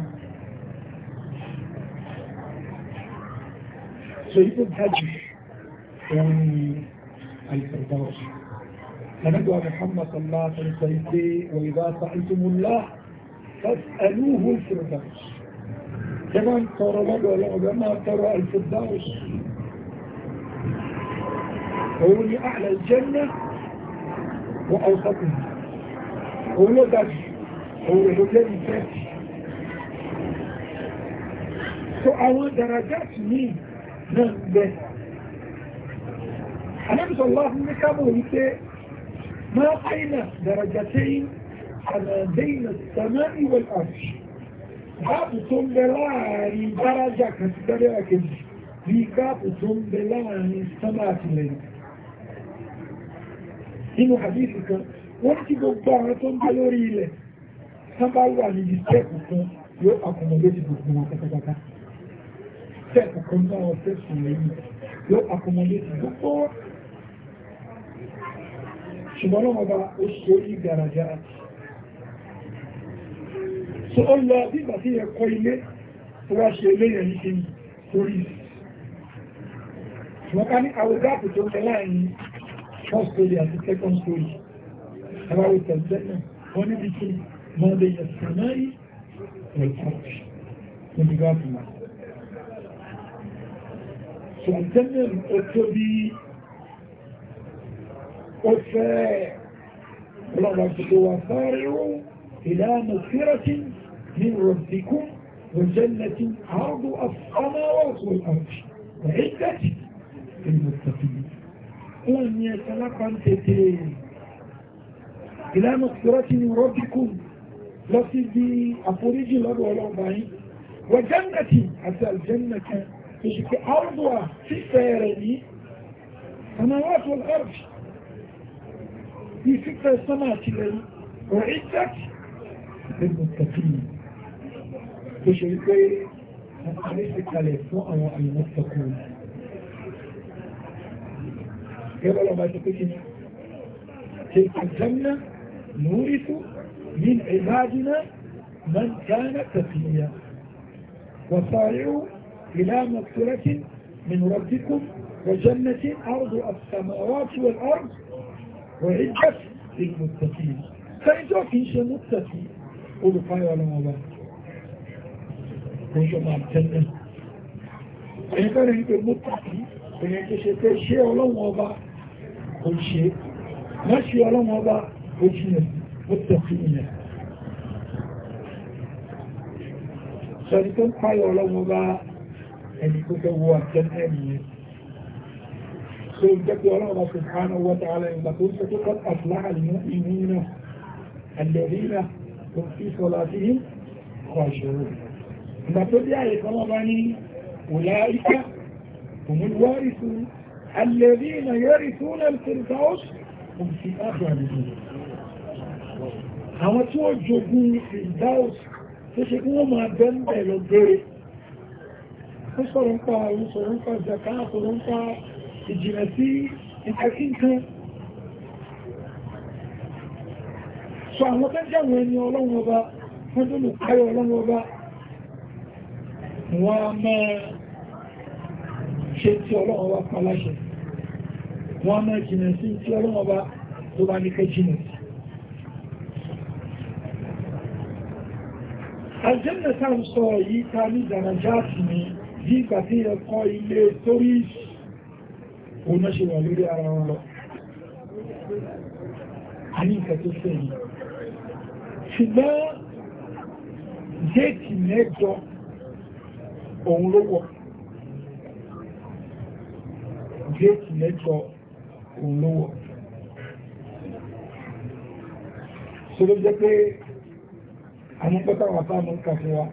سيد الحج الفردوس لنبوى محمد صلى الله عليه وسلم وإذا سألتم الله فاسألوه الفردوس كمان ترى لدوى العلماء ترى الفردوس قولي أعلى الجنة وأوسطها قولوا ده قولوا ده سؤال درجات مين نعم النبي الله عليه وسلم ما بين درجتين على بين السماء والأرش باب تنبلاني درجة كتبلك في كاب تنبلاني السماء الليل إنه حديثك وانت قبعة تنبلوري له سنبال وعلي يستيقظ yóò akọmọdéjì gbogbo wọn pátápátá step kan náà step kan lẹ́yìn yóò akọmọdéjì gbogbo ṣùgbọ́n náà ọba ó ṣe orí gàràjà so ó lọ nígbà tí yẹ kọ́ ilé tó wá ṣe ilé yẹn ní kíni torí ṣùgbọ́n ká ní àwọn gáàpù tó tẹ láàrin first story àti second story ẹwà ó tẹ̀lé náà wọ́n níbi kí mọ́ndé yẹ sànáyí ẹ̀kọ́ọ̀ṣì níbi gáàpù náà so àjẹ́mẹ̀rù ó tó bí والسلام إلى مغفرة من ربكم وجنة عرض السماوات والأرض وعدة للمتقين أن يتلقى الفتين إلى مغفرة من ربكم لصدي أفريج الأرض والأربعين وجنة حتى الجنة تشكي أرضها في السيارة السماوات سماوات والأرض في فكرة صنعت وعدت للمتقين بشركة مقالسك على الفقراء المتقون يبقى ما تقول تلك الجنة نورث من عبادنا من كان تقيا وصارعوا إلى مغفرة من ربكم وجنة أرض السماوات والأرض wẹ̀rẹ̀ jẹ́sì lè mú tẹ̀sí sẹ́ńtọ́ kì í ṣe mú tẹ̀sí olùfáyọ̀ ọlọ́wọ́ bá oúnjẹ máa tẹ́lẹ̀ èyí bẹ̀rẹ̀ ní pé mú tẹ̀sí èyí tó ṣe pé ṣé ọlọ́wọ́ ọba kò ṣe má ṣe ọlọ́wọ́ ọba kò jìnà mú tẹ̀sí ìyẹn sọ́ni tó ń páyọ̀ ọlọ́wọ́ ọba ẹni tó fẹ́ wọ àtẹ́lẹ̀ سيدك ورغب سبحانه وتعالى إن يقول فقد أطلع المؤمنين الذين هم في صلاتهم خاشعون إن تدعي يقول أولئك هم الوارثون الذين يرثون الفردوس هم في آخرهم àwọn tí ó jogún ìdáòs tó ṣe kí wọ́n máa bẹ́ẹ̀ lọ bẹ́ẹ̀ ó sọ̀rọ̀ ìjìnà sí ìkẹ́kínkẹ́ so àwọn tó jẹ́wọ̀n ẹni ọlọ́run ọba wọ́n tó lè káyọ ọlọ́run ọba wọ́n a máa ṣe tí ọlọ́run ọba paláṣẹ wọ́n a máa jìnà sí tí ọlọ́run ọba tó bá ní jìnà sí àjẹ́mẹ̀ta ń sọ yìí ta ní dàrájáàtì ní bí ìgbà tí ẹ̀kọ́ ilé torí ìṣ òun náà ṣe wà lórí ara wọn lọ a ní nǹkan tó fẹ́ yìí ṣùgbọ́n déètì mẹ́jọ òun ló wọ̀ déètì mẹ́jọ òun ló wọ̀ so ló jẹ́ pé àwọn pẹ́tàwà sáà mọ́ ń kà fún wa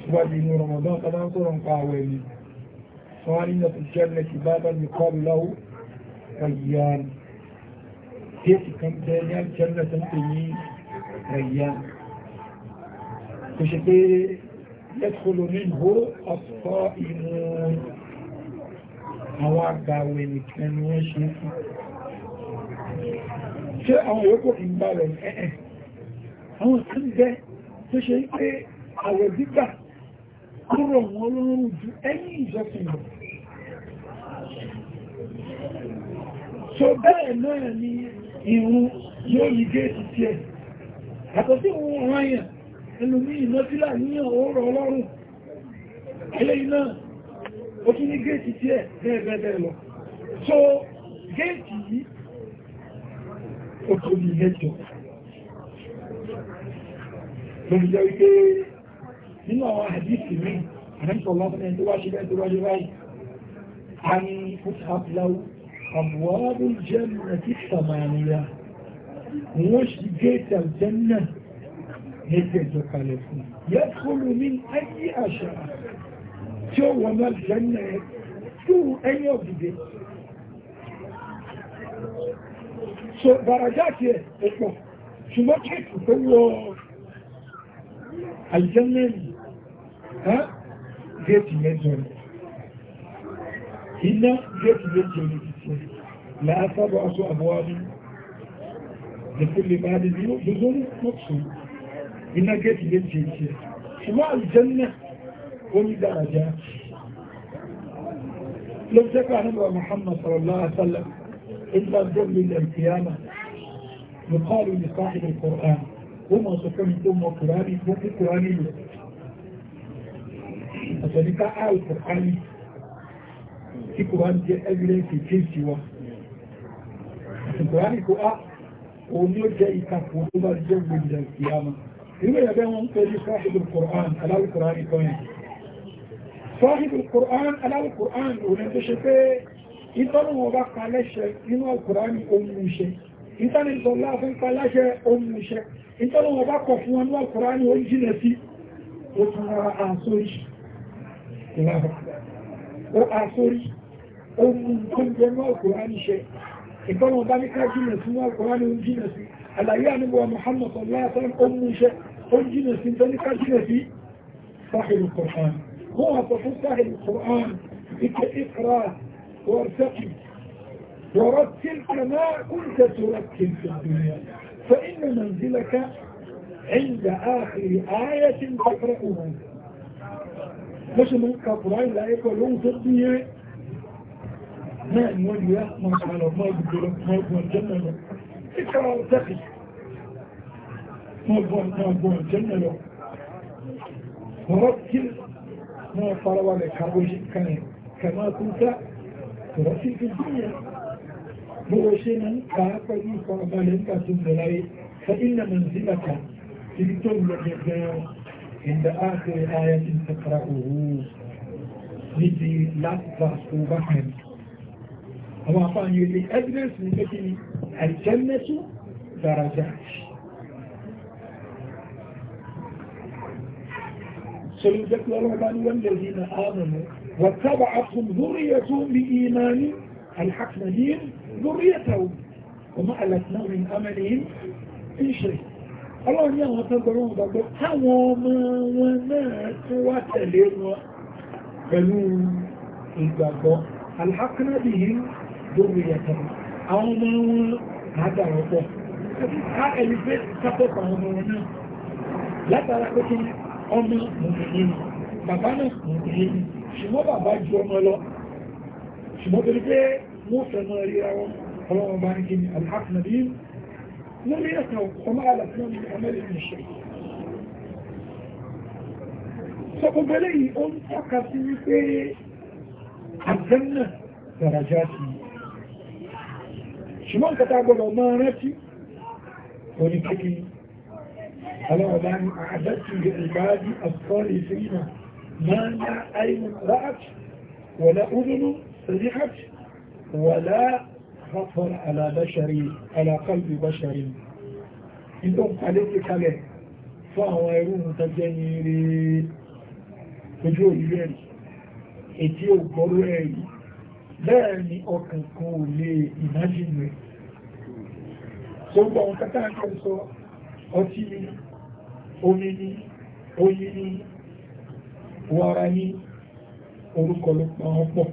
ṣùgbọ́n ìlú Ramadan tàbí sọ̀rọ̀ ń pa àwẹ̀ yìí ثانية الجنة بابا يقال له ريان كيف كم ثانية الجنة تنتهي ريان فشكي يدخل منه الصائمون àwọn àgbàwẹ̀ nìkan ni wọ́n ṣe fún ṣe àwọn yòókù ìgbà rẹ̀ ẹ̀ẹ̀ àwọn kan bẹ́ tó ṣe pé àwẹ̀ gbígbà kúrò wọn lóòrùn ju ẹ̀yìn ìjọsìn lọ so bẹ́ẹ̀ náà ni ìrun yóò yí géètì tí ẹ̀ àtọ́ sí òun ọ̀rán yẹn ẹlùmí ìmọ́sílà ní ọ̀rọ̀ ọlọ́run eléyìí náà ó tún ní géètì tí ẹ̀ bẹ́ẹ̀bẹ́ẹ̀ lọ so géètì yìí ó tó ní mẹ́jọ lórí منه واحد يسلمين أنا مش والله أنت واجه بقى أنت واجه بقى عن فتحك لو أبواب الجنة الثمانية مش جيت الجنة هيك يزوك يدخل من أي أشياء شو وما الجنة شو أي وقت so درجات يا اسمه شو ما تحس الجنه ها جت يجري هنا جت يجري لا أصاب أسوء أبواب لكل بعد ذيو بزن مقصود هنا جت يجري سماء الجنة ومدرجات لو ذكرنا محمد صلى الله عليه وسلم إلا قبل القيامة يقال لصاحب القرآن وما سكنتم وقرابكم في قرآن الله ọ̀tọ̀ nípa alkùnrin tí kò wá ń jẹ́ evidence against wọn ìkùnrin kò á òun ló jẹ́ ìtàkù tó bá jẹ́ gbogbo ìyàmà irú ẹ̀bẹ́ wọn pẹ̀lú sáàbìl kùnrin aláwùkùnrin kan yẹn sáàbìl kùnrin aláwùkùnrin òun tó ṣe pé ìtọ́nù wọn bá pa lẹ́ṣẹ̀ nínú ọkùnrin ohun ìṣe ìtọ́nù ìtọ́lá fún pa láṣẹ ohun ìṣe ìtọ́nù wọn bá kọ̀ fún wọn ní ọkùnrin ó jìnà الإسلام وأصل ohun tó ń jẹmọ́ ọkùnrin ṣe ìbọ́nà bá ní ká jìnà sí mọ́ ọkùnrin ohun jìnà sí àlàyé àníwọ̀ Muhammad aláàtàn ohun ṣe ohun jìnà sí tó ní ká jìnà sí sáhìlì Qur'an wọ́n wà sọ fún sáhìlì Qur'an ike ikra wọ́rọ̀tẹ́kì wọ́rọ̀tẹ́l kama kúntẹ̀ tó rọ̀tẹ́l fi dúnyà fa inna manzilaka inda akhiri ayatin taqra'uha bó ṣe mọ́ ka kùránì láyé kọ́ lóhun tó bí yẹn náà ni wọ́n yẹ máa ṣàlọ̀ mọ́ ìgbòrò mọ́ ìgbòrò jẹ́nà lọ kíkà ọ̀tẹ́kì mọ́ ìgbòrò jẹ́nà lọ rọ́kìl náà farabalẹ̀ kàwé kàní kàmá kúta rọ́kìl fi dúnyà bó o ṣe máa ń kà á عند آخر آية تقرأه مثل لا تعصوا بحر هو أعطاني الأدرس من مثل الجنة درجات سيدك للرحمن والذين آمنوا وتبعتهم ذريتهم بإيمان الحق مدين ذريتهم وما ألتنا من أملهم من شيء ọlọ́run ní àwọn tọ́gbọ̀rọ̀ wọn gbàgbọ́ táwọn ọmọ wọn náà tó wá tẹ̀lé wọn pẹ̀lú ìgbàgbọ́ alhákínábì yìí lórí ẹ̀tọ́ àwọn ọmọ wọn àádọ́rọ̀ pọ̀ ká ẹ̀lẹ́fẹ́ sápọ̀tà àwọn ọmọ wọn náà látara pé kí ọmọ mùsùlùmí bàbá náà mùsùlùmí ṣùgbọ́n bàbá ju pé wọ́n fẹ́ mọ́ rí ara wọn bá ní kí ni alhákínábì من يتوب وما لك من عمل من شيء فقبلي أن أكفي في الجنة درجاتي شما كتاب الأمانة ولكي ألا أولاني أعددت لعبادي أصفاري فينا ما لا أين رأت ولا أذن صريحت ولا حقا على بشري على قلب بشري ìdún kàlẹ́kì kalẹ̀ fún àwọn ẹrù tó jẹ́ ní rí ojú òyìnbó ẹ̀rì ètí ògbọ́rú ẹ̀rì bẹ́ẹ̀ ni ọkàn kan ò lè ìmájìnì rẹ̀ tó gbọ́ ohun kátà ń kọ́ sọ ọtí ni omi ni oyin ni wàrà ni orúkọ ló pa wọn pọ̀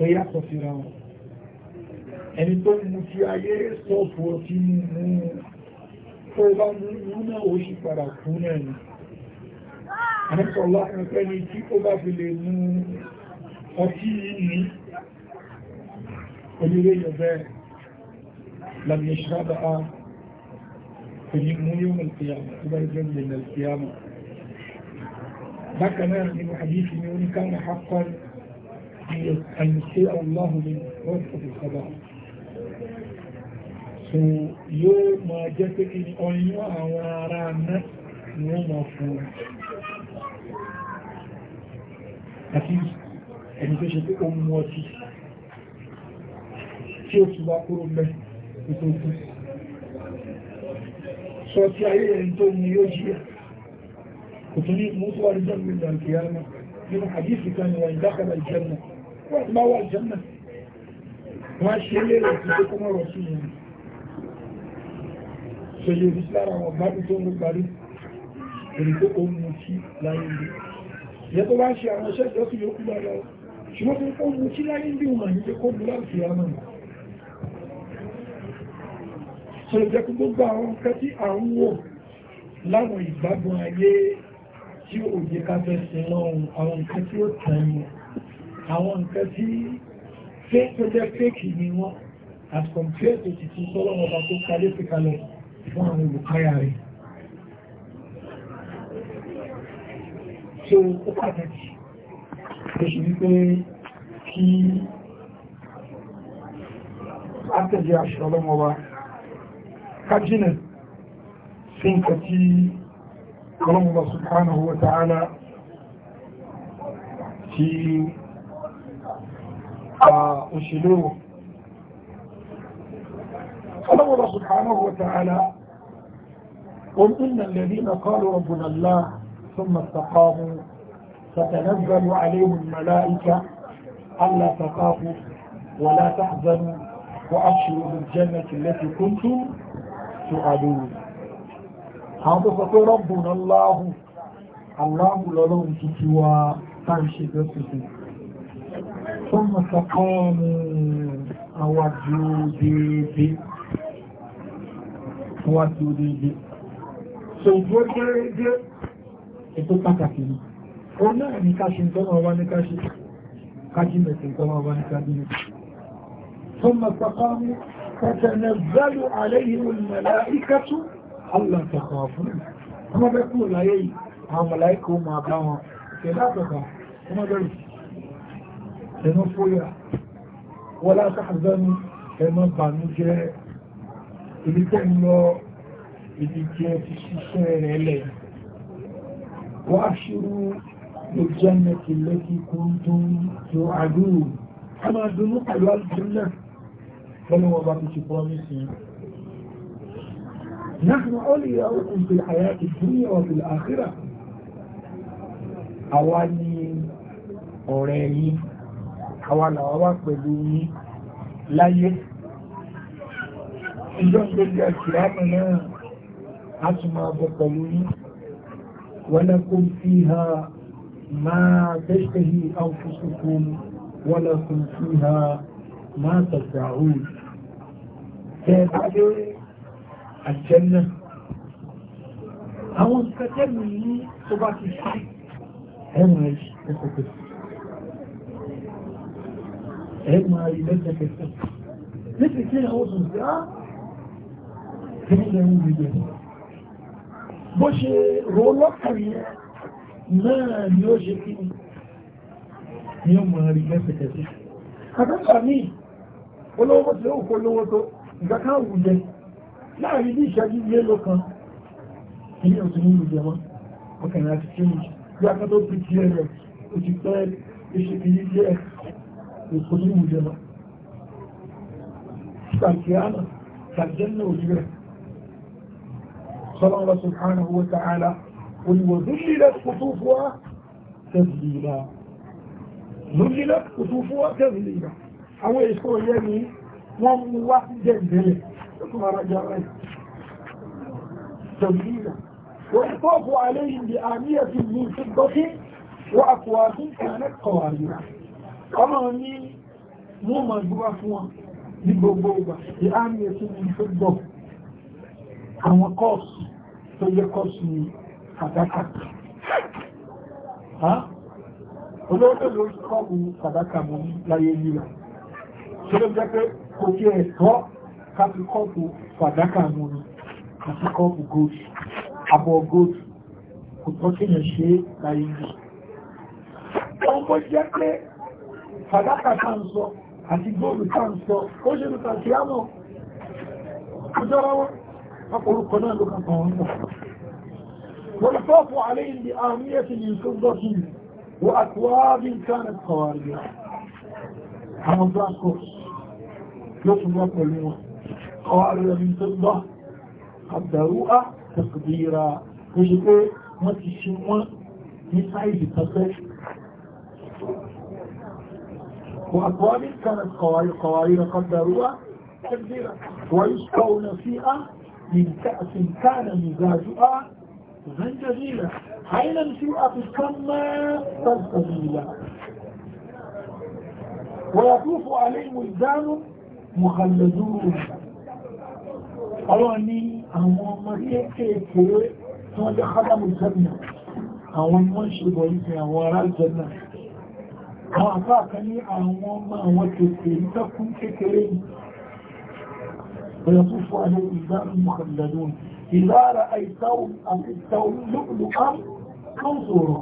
ó yàtọ̀ síra wọn ẹni tó mú sí ayé sọ́ọ̀fù ọtí mú tó bá mú náà ó sì padà kú náà ni àmẹ́sọ̀lá ẹgbẹ́ ni tí ó bá fi lè mú ọtí ní oníré yọ̀bẹ́ làmì ìṣàdá a kò ní mú yóò mẹ́lẹ̀kìyàmù tó bá jẹ́ mẹ́lẹ̀kìyàmù bákanáà nínú àyíkì ni oníkàmù haqqan أن يسيء الله من وفق الخبر so yóò máa jẹ́ pé kí ni ọyún àwọn ará aná ni wọ́n máa fún àti ẹni tó ṣe pé ó mú ọtí tí ó tún wá kúrò mẹ́ ìtòkú sọ tí ayé ẹni tó mú yóò jí ẹ̀ kò tún ní mọ́tò wà ní jẹ́ ìgbìyànjú àti ìyá náà nínú àdífì kan ni wà ìdákàlà ìjẹ́ náà wọ́n ti ìjẹ́ náà wọ́n ṣe lérò tí ó kọ́mọ̀ rọ̀ sí yìí ṣèyí orí lára àwọn bábí tó ń parí èrè tó kò mú sí láyé ìlú ìyẹ́ tó bá ṣe àwọn iṣẹ́ ìjọ́sí yókù lára ṣùgbọ́n tó kò mú sí láyé ìlú mà ní pé kó mú láti àmà sọ ìjẹ́ kó gbogbo àwọn nǹkan tí à ń wò láwọn ìgbádùn ayé tí ó yẹ ká fẹ́ sin lọ́run àwọn nǹkan tí ó tẹ̀yìn àwọn nǹkan tí fake tó jẹ́ fake ni wọ́n as compared to títí sọ́lọ́wọ́ ọba tó kalẹ̀ sí kalẹ̀ fún àwọn olùkáyà rẹ̀. so ó pàtàkì ó wípé kí átẹ̀lé aṣọ ọlọ́mọ wa kájínà sí nǹkan tí ọlọ́mọ wa subhanahu wa ta'ala وشلوه آه، قال الله سبحانه وتعالى قل إن الذين قالوا ربنا الله ثم استقاموا تتنزل عليهم الملائكة ألا تخافوا ولا تحزنوا وأبشروا بالجنة التي كنتم تعدون هذا فقال ربنا الله الله لọ́lọ́run títí سوى táìṣe bẹ́ẹ̀ ثم فقاموا أودوا بيبي أودوا بيبي so ìdúró déédéé ètò pàtàkì ni ó náà ní ká ṣe nǹkan ọba ní ká ṣe kájí mẹ̀sẹ̀ nǹkan ọba ní ká bílẹ̀ ثم فقاموا تتنزل عليهم الملائكة ألا تخافوا ọmọ bẹ́ẹ̀ ẹ̀nà fóyà wọ́n látàzánú ẹ̀mọ́ bànújẹ́ ibi tẹ́ ń lọ ibi jẹ́ ti ṣiṣẹ́ rẹ̀ lẹ̀ wọ́n á ṣírú ló jẹ́ mẹ́tì lẹ́kì kún tó tó àdúrù a máa dunú pẹ̀lú àdúrà pẹ̀lú wọn bá ti ti promise yìí نحن أولياؤكم في الحياة الدنيا وفي الآخرة أواني أوراني àwa làwa wà pẹ̀lú yín láyé ìjọ ìgbésí àkìrámù náà a tún máa bọ̀ pẹ̀lú yín walakum fiha ma tashtahi anfusukum walakum fiha ma tad'un tẹ́ bá dé àjẹ́nà àwọn ìkẹ́kẹ́ mi ní tó bá ti ṣe ẹ̀rùn ẹ̀ṣẹ̀ ẹ̀kọ̀kẹ́ ẹ máa rí lẹ́sẹ̀kẹsẹ̀ nítorí kí àwọn sùn sí á ah! kí ní lẹ́nu gbígbẹ́ bó ṣe rò lọ́kàn yẹn náà ni ó ṣe kí ni o máa rí lẹ́sẹ̀kẹsẹ̀ àtúntà míì olówó tí ó kó lówó tó ìgbàkan àwùjẹ láàrin bí ìṣẹ́jú mélòó kan ilé òtún ní ìjẹ wọn ọkàn àti change bí يدخلون الجنة فالكيانة فالجنة وجبه صلى الله سبحانه وتعالى قل وذللت قطوفها تذليلا ذللت قطوفها تذليلا àwọn èso يعني ni wọ́n mú wá jẹ́ ìbẹ̀rẹ̀ tó tún تذليلا وإحطاف عليهم بآنية من فضة وأكواب كانت قوارير ọmọ ní wọ́n mọ̀ gbúwá fún wọn ní gbogbo ìgbà tí a ní ètò ní fútbọ̀ àwọn kọ́ọ̀sì tó yẹ kọ́ọ̀sì ní kàdákà olóòtò ló kọ́ọ̀bù kàdákà mọ́ láyé nílà ṣe ló jẹ́ pé kò kí ẹ̀ tọ́ káfí kọ́ọ̀bù kàdákà mọ́ ní àti kọ́ọ̀bù góòtù àbọ̀ góòtù kò tọ́ kí ẹ̀ ṣe láyé nílà fàdákà tá ń sọ àti góòlù tá ń sọ ó ṣe lùtà sí àmọ́ ọjọ́ra wọn orúkọ náà ló kàn kàn wọn والطاف عليهم بآمية من فضة وأكواب كانت قوارير حمضان كرس يطلق لهم قوارير من فضة قدروها تقديرا وجدوا ما تشموا من سعيد التصريح وأقوال كانت قوارير قوارير قدروها كبيرة ويسقون فيها من كأس كان مزاجها زنجبيلا حين الفئة في السماء تزنجبيلة ويطوف عليهم ولدان مخلدون قالوا أواني أمام مريم هو؟ ثم دخل مزمنا أوان منشد هو أوارا الجنة àwọn àfáàkẹ́ ní àwọn ọmọ àwọn kèfè ìtọ́kún kékeré ويطوف عليه نساء مخلدون إذا رأيتهم أمستهم لؤلؤا منصورا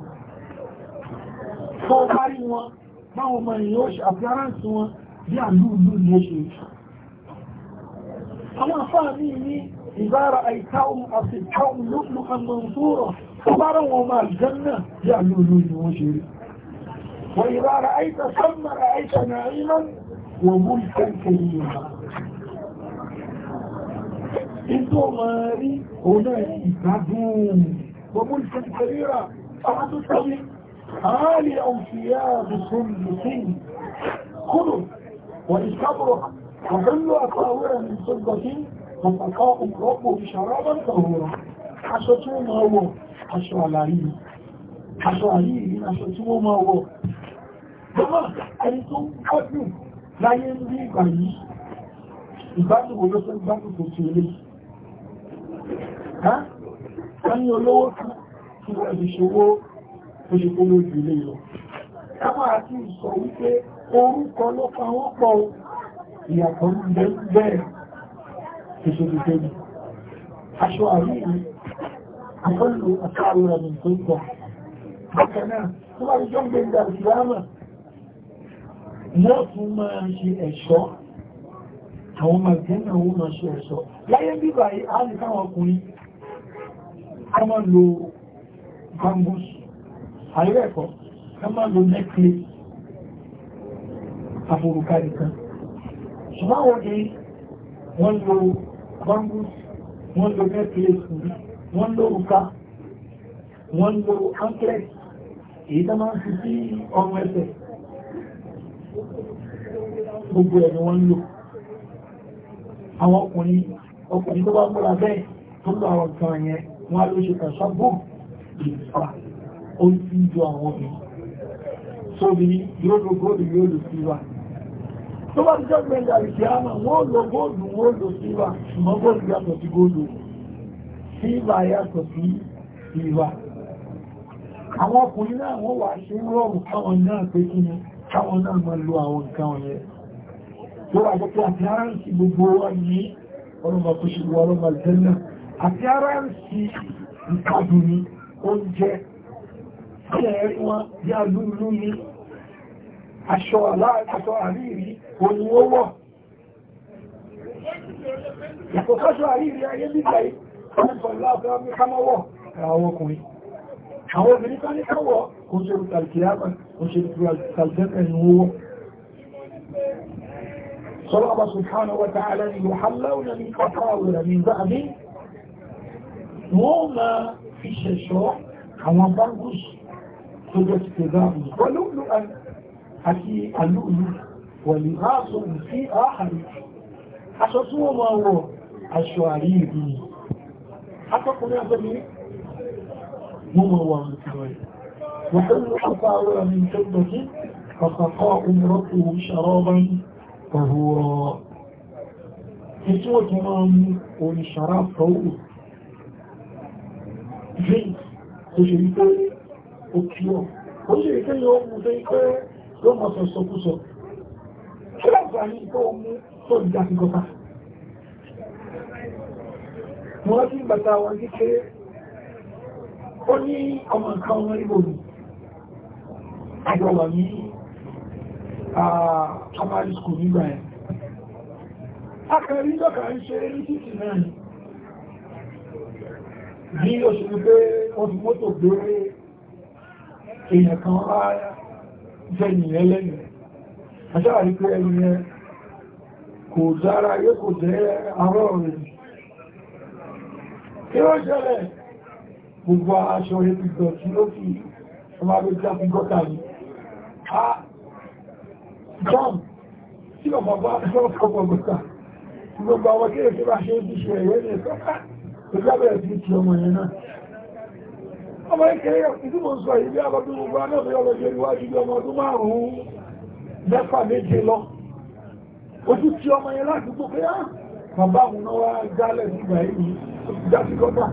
fọ́nkárí wọn báwọn ọmọ èèyàn ó ṣe àfíáránsì wọn bí àlúùlú ní ó ṣe àwọn àfáà ní ní ìbára wọn bí àlúùlú ní wọ́n ṣe وإذا رأيت ثم رأيت نعيما وملكا كريما الدمار هناك بدون وملكا كبيرا أحد الطبيب عالي أوفياء سن خذوا وإستبرق وظلوا أطاورا من فضة وفقاهم ربه شرابا طهورا حشتوا ما هو حشوا عليه حشوا عليه حشتوا ما هو Mọ́mọ́ ẹni tó ń gbọ́dù láyé ń rí ìgbà yìí, ìgbádùn wo ló fẹ́ gbádùn tó ti lé. Ká ní olówó kan tí wọ́n ti ṣòwò oṣùkú lójú ilé lọ. Ká máa ti sọ wípé orúkọ ló pa wọ́n pọ̀ ìyàtọ̀ ń bẹ bẹ́ẹ̀ ìṣòro tẹ́lẹ̀. Aṣọ àríyìn àkọlù àkàrò rẹ̀ nìkan gbà. Bákan wọ́n tún máa ṣe ẹ̀ṣọ́ àwọn ọmọ ìgbẹ́nà wọ́n máa ṣe ẹ̀ṣọ́ láyé bíbà àríkáwọn ọkùnrin a máa lo bambus àríwẹ̀kọ́ a máa lo nẹ́kìlẹ̀ àforùkárì kan ṣùgbọ́n àwọn obìnrin wọ́n lo bambus wọ́n lo nẹ́kìlẹ̀ wọ́n lo òkà wọ́n lo anklet èyí tó máa ń fi sí ọrùn ẹsẹ̀ gbogbo ẹni wọ́n ń lò àwọn ọkùnrin ọkùnrin tó bá múra bẹ́ẹ̀ tó lọ àwọn kan yẹn wọ́n á ló ṣe kàṣà bò ìfà ó ti jọ àwọn obìnrin sóbìnrin yóò góòlù yóò lò sí wa tó bá jẹ́ gbẹ̀yà ìṣẹ́hánà wọ́n lọ góòlù wọ́n lò sí wa ṣùgbọ́n góòlù yàtọ̀ sí góòlù sí ìlà yàtọ̀ sí ìwà àwọn ọkùnrin náà wọ́n wà ṣe ń rọrùn káwọn náà pé kí ni káwọn náà máa lo àwọn nǹkan ọ̀yẹ́ tó wà jẹ́ pé àfíáránsì gbogbo wa ní ọlọ́mà kò ṣe wọ ọlọ́mà ìjẹ́nà àfíáránsì ìkàdù ní oúnjẹ ẹ̀rí wọn bí alúlú ní aṣọ àríìrí oníwọ́wọ́ ìkọ̀kọ́ṣọ àríìrí ayé bíbá yìí àwọn ọkùnrin àwọn obìnrin kan ní káwọ́ kò ṣe rú tàlkìyàmà kò ṣe rú tàlkìyàmà ìwọ́wọ́ فالله سبحانه وتعالى يحلون من أطاول من بعد وما في الشيشوح كما برقص تجد كذاب ولؤلؤا أكي اللؤلؤ ولغاص في آخر أشتوى ما هو الشعريبي حتى قلنا ذلك مما هو مكوي وحل أطاول من فضة فسقاء ربه شرابا fọ̀húrọ̀ tí wọ́n tún máa mú orí ṣàrá fọ́wọ́ drink tó ṣe wípé ó kí ọ̀ ó ṣe wípé yóò mú tó wípé yóò mọ̀ sọ sọkúsọ kí láǹfààní ọmọ nǹkan wọn ibò ní àjọ wà primary school nígbà ẹ̀ akẹrí lọ́kà ń ṣe ní títì náà ní oṣù wípé wọ́n fi mọ́tò gbé èèyàn kan wá jẹ́ ìyẹn lẹ́yìn àṣáà rí pé ẹni yẹn kò dára yóò kò jẹ́ arọ́ rẹ̀ kí ó ṣẹlẹ̀ gbogbo aṣọ ẹgbẹ̀gbẹ̀ tí ó fi ọmọ abẹ́jà fi gọ́ta yìí dam tí ọmọ bá lọ́kọ̀ọ̀kọ̀ gbọ́ta gbogbo àwọn kí èsì bá ṣe ń ṣe ẹ̀yẹ́ ní ìsọ́ká tó lábẹ̀rẹ̀ sí ti ọmọ yẹn náà ọmọ ìkẹrẹ ìdí mo ń sọ ìbí abọ́dún gbogbo náà bí ọlọ́jọ́ ìwájú bí ọmọ ọdún márùn-ún mẹ́fà méje lọ ojú tí ọmọ yẹn láti gbó pé á ah, bàbá òun náà wá jálẹ̀ nígbà yìí jáde gọ́dà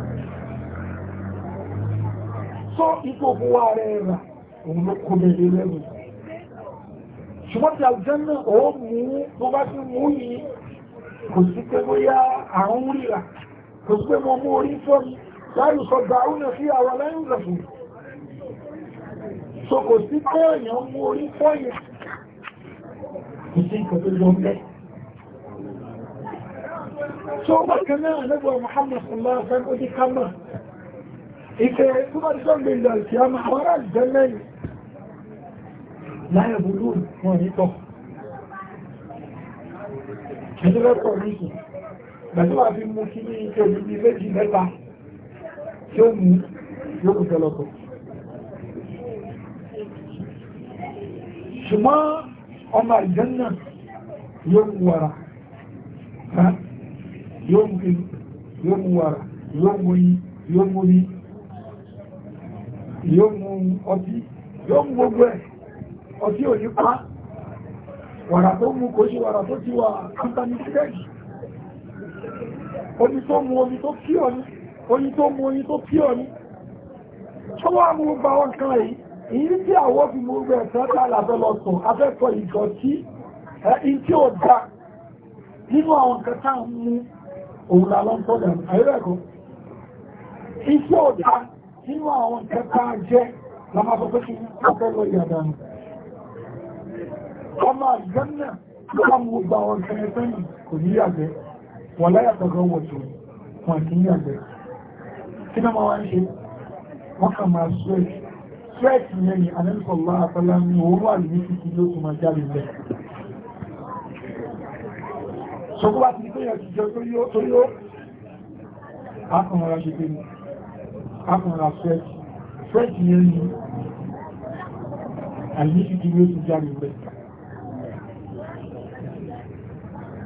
sọ ipò fún wa rẹ̀ rà òun ló kó bẹ̀rẹ̀ ṣùgbọ́n tí àwùjọ náà ó mú tó bá ti mú yìí kò sí pé bóyá àrùn ríra kò sí pé mo mú orí fọ́ mi láyé sọ dàrú náà sí àwọn aláìsàn lọ́fù so kò sí pé èèyàn mú orí fọ́ yẹn kò sí nǹkan tó lọ mẹ́ so bákan náà anábọ̀ Muhammad sallallahu alaihi wasallam ó di kámà ìfẹ́ tó bá ti sọ́gbìn lọ sí àmà láyé burú wọn ní tọ̀. ìdílọ́tọ̀ ní kù pẹ̀lú àfi mú kí ní ìjọba ní méjì mẹ́ta tí ó mú yóò fẹ́ lọ́tọ̀. ṣùgbọ́n ọmọ àlùjànnà yóò mú wàrà yóò mú inú yóò mú wàrà yóò mú yí yóò mú rí yóò mú ọtí yóò mú gbogbo ẹ̀ ọtí ò ní pa wàrà tó mú kò ṣe wàrà tó ti wà antanisirẹ́gì omi tó mú omi tó pí ọ ní oyin tó mú oyin tó pí ọ ní ṣọwọ́ mú gba wọn kan yìí èyí tí àwọ́ fi mú gbẹ̀ tẹ́ta àlàfẹ́ lọ sùn afẹ́kọ̀ọ́ ìjọ tí ẹ̀yìn tí ó dá nínú àwọn nǹkan tá ń mú òun lálọ́ sọ́dọ̀ àyẹ́rẹ́kọ́ iṣẹ́ ọ̀dá nínú àwọn nǹkan tá jẹ́ lámàfẹ́fẹ́ sí ọ̀fẹ́ lọ ìyàdánù ọmọ àjẹ́nà láàmú gba àwọn kẹrẹ sẹ́yìn kò ní yàgbẹ́ wọ́n láyàtọ̀ gan wọ̀tò wọn kì í yàgbẹ́ kí ni wọ́n wá ń ṣe wọ́n kà máa sweat sweat yẹn ni anẹ́sọ̀lá àtàlá ní òórùn àlùmí títí ló tún máa jáde lẹ̀ sọ́kọ́ ti gbéyàn ti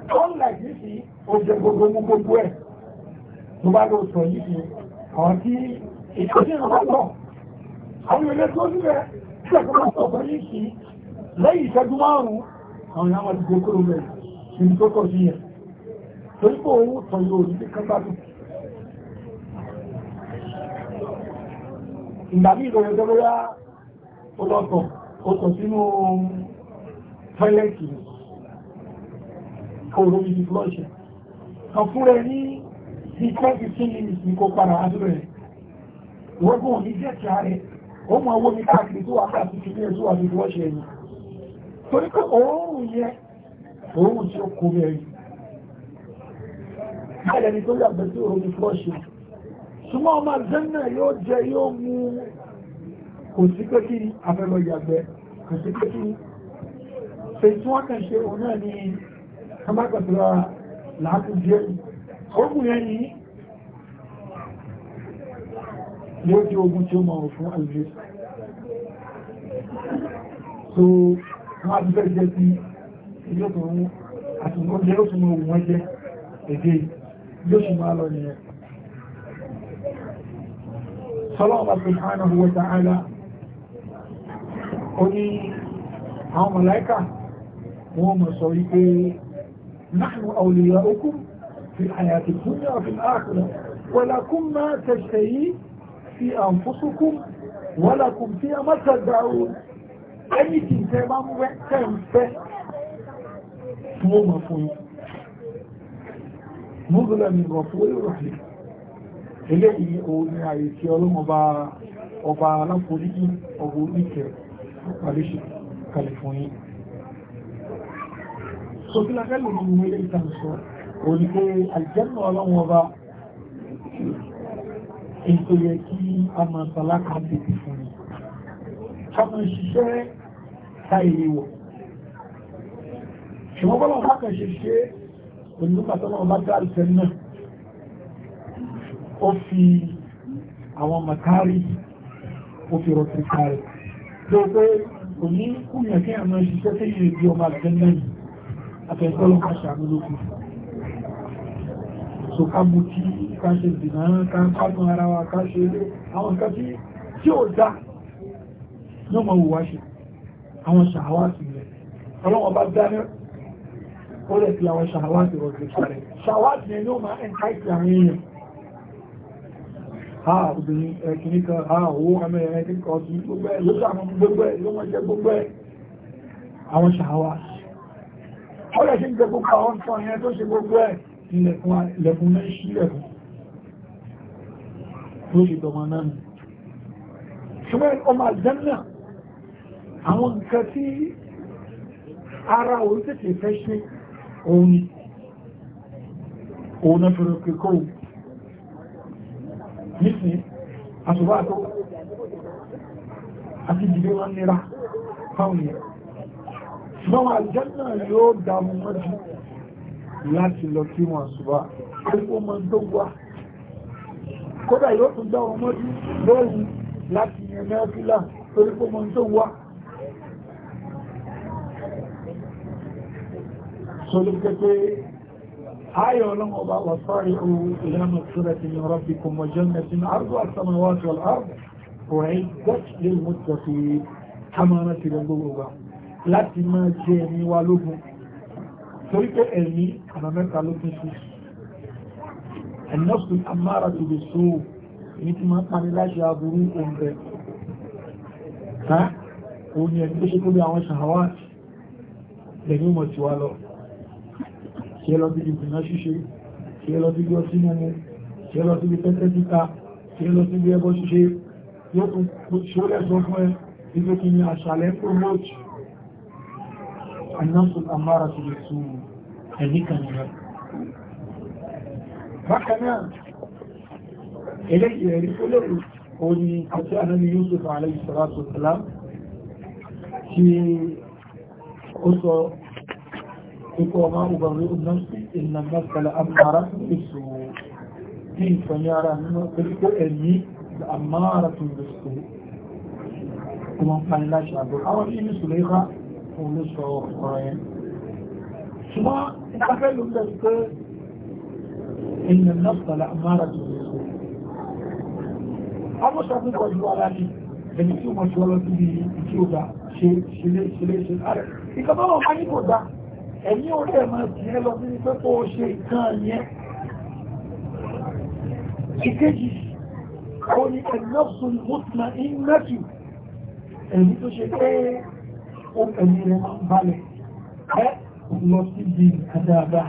ọ̀nà tó bá lọ sọ yìí sí tí ìtọ́jú ìrànlọ́ àwọn ilé tó nílẹ̀ tí ẹ̀kọ́ máa sọ yìí sí lẹ́yìn ìṣẹ́jú tó bóyá ó lọ́tọ̀ ó tọ̀ sínú tọ́ẹ̀lẹ̀tì ni oòrùn yìí lọ́ṣẹ̀ ọ̀fún rẹ̀ ní sí 10-15 minutes ní kó padà àdúrà rẹ̀ wọ́gbọ́n ní jẹ́kìá rẹ̀ ó mọ owó ní káàkiri tó wà káàkiri ní ẹ̀tọ́ àti lọ́ṣẹ̀ ẹ̀yìn torí pé oòrùn yẹ oòrùn tí ó kó mẹ́rin bẹ́ẹ̀ ni tó yàgbẹ́ sí oòrùn ní lọ́ṣẹ̀ súnmọ́ ọmọ àjẹ́nà yóò jẹ yóò mú kò sí pé kí afẹ́lọ yàgbẹ́ kò sí pé kí ṣe tí wọ́n kàn ṣe òun náà ní ká má kàn síra láàkú díẹ̀ ogun yẹn ni yóò jẹ́ ogun tí ó mọ̀ fún alìjẹ́ so wọ́n á ti bẹ́ẹ̀ jẹ́ sí ilé ọkùnrin àti oúnjẹ ó tún mọ̀ ohun wọ́n wọ́n mọ̀ sọ wípé نحن أولياؤكم في الحياة الدنيا وفي الآخرة ولكم ما تشتهي في أنفسكم ولكم فيها ما تدعون anything tẹ́ bá ń wẹ́ tẹ́ ń fẹ́ fún ọmọ fún yín múzùlẹ̀ ní ọ̀rọ̀ fún orí rọ̀lẹ̀ eléyìí òun ni àyè tí ọlọ́mọba ọba aláforíjì ọgbọ̀ oníkẹ̀ pàdéṣì kalẹ̀ fún yín so kí lákẹ́ lè nínú ilé ìtànsọ́ òní pé àjẹ́nà ọlọ́run ọba ètò yẹ kí a máa sàlákà bèbè fún un ká máa ṣiṣẹ́ ta èyí wọ̀ ṣùgbọ́n bọ́lá ọba kan ṣe ṣe olùdókàtọ́lọ́ ọba àwọn màkárì ó fi rọ̀tì tó pé kò ní kí àwọn ṣiṣẹ́ tẹ́yìn ìdí ọmọ àgbẹ̀ náà afẹ́kọ́lọ́ aṣàmúlòkù so ká mú kí ká ṣe dìnà ká ń kánú ara wa ká ṣe àwọn nǹkan tí tí dá ní ọmọ òwúwá ṣe àwọn ṣàwátì rẹ̀ ọlọ́wọ́ bá dáná ó rẹ̀ fi àwọn ṣàwátì rọ̀ gbèsàrẹ̀ ṣàwátì rẹ̀ ní ó máa ń káìsì àwọn èèyàn ha obìnrin ẹ̀kìní kan ha owó amẹ́rẹ̀ ẹ̀kìní kan ọdún gbogbo ẹ̀ ló ṣàmọ́ gbogbo ẹ̀ ló ọ̀rẹ́ ṣe ń jẹ gbogbo àwọn nǹkan yẹn tó ṣe gbogbo ẹ̀ ilẹ̀kùn náà ṣí lẹ̀kùn tó ṣe tọmọ náà nù ṣùgbọ́n ọmọ àjẹ́nà àwọn nǹkan tí ara orí tètè fẹ́ ṣe òun ni òun náà fẹ́rẹ̀ kíkọ́ nísìn àṣùgbà tó àti ìdílé wọn nira fáwọn yẹn ṣùgbọ́n àjẹ́nà yóò dàmú mọ́jú láti lọ kí wọn ṣùgbọ́n gbogbo ọmọ tó wá kódà yóò tún dá wọn mọ́jú lóòrùn láti yẹn mẹ́fílà torí pé ọmọ tó wá sọlọ́ pẹ́pẹ́ ayọ̀ ọlọ́mọ bá wà sáré ohun ìlànà tóra ti yàn rọ́bì kò mọ̀ jẹ́ mẹ́sìn àrùn àtàmọ̀wá gbogbo wa láti máa jẹ ẹ̀mí wa lógun torí pé ẹ̀mí ọ̀nà mẹ́ta ló fi sí ẹ̀nọ́sùn amára tó lè so èyí tí máa ń pani láti aburú oúnjẹ ká òun ni ẹ̀mí tó ṣe kó bí àwọn ṣàwáàtì lẹ́yìn mọ̀ tí wá lọ ṣe lọ bí ìgbìnà ṣíṣe ṣe lọ bí ọtí mímu ṣe lọ sí bí tẹ́tẹ́ títa ṣe lọ sí bí ẹbọ ṣíṣe yóò tún ṣe lẹ́sọ fún ẹ nígbé kí ni àṣàlẹ̀ promote النفس الأمارة بالسوء هذيك المرأة فكنا إليه يقول له قولي أتأنا يوسف عليه الصلاة والسلام في قصة يقول ما أبرئ النفس إن النفس لأمارة بالسوء في فنيارة من تلك أني لأمارة بالسوء ومن فعلناش لا شعب الحوالي من سليخة òun ló sọ ọ̀rọ̀ yẹn ṣùgbọ́n ìgbàfẹ́ ló bẹ̀rẹ̀ pé èèyàn náà pẹ̀lú àmàrà tó lè sọ ọmọ sọfún pọ̀jù ara ni ẹni tí ó mọ̀ sí ọlọ́tí bí ìtí ó dá ṣe ṣe ṣe ṣe ààrẹ ìkọ́bọ̀ wọn orí ẹ̀ ti ẹ lọ sí ní pẹ́pọ̀ ṣe nǹkan yẹn ìkejì ó ní ẹ̀nọ́sùn mọ́tìmá ìmẹ́tù ẹ̀yìn tó ṣe pé ó ẹ̀mí rẹ̀ balẹ̀ ẹ́ lọ sí bí àdáàbá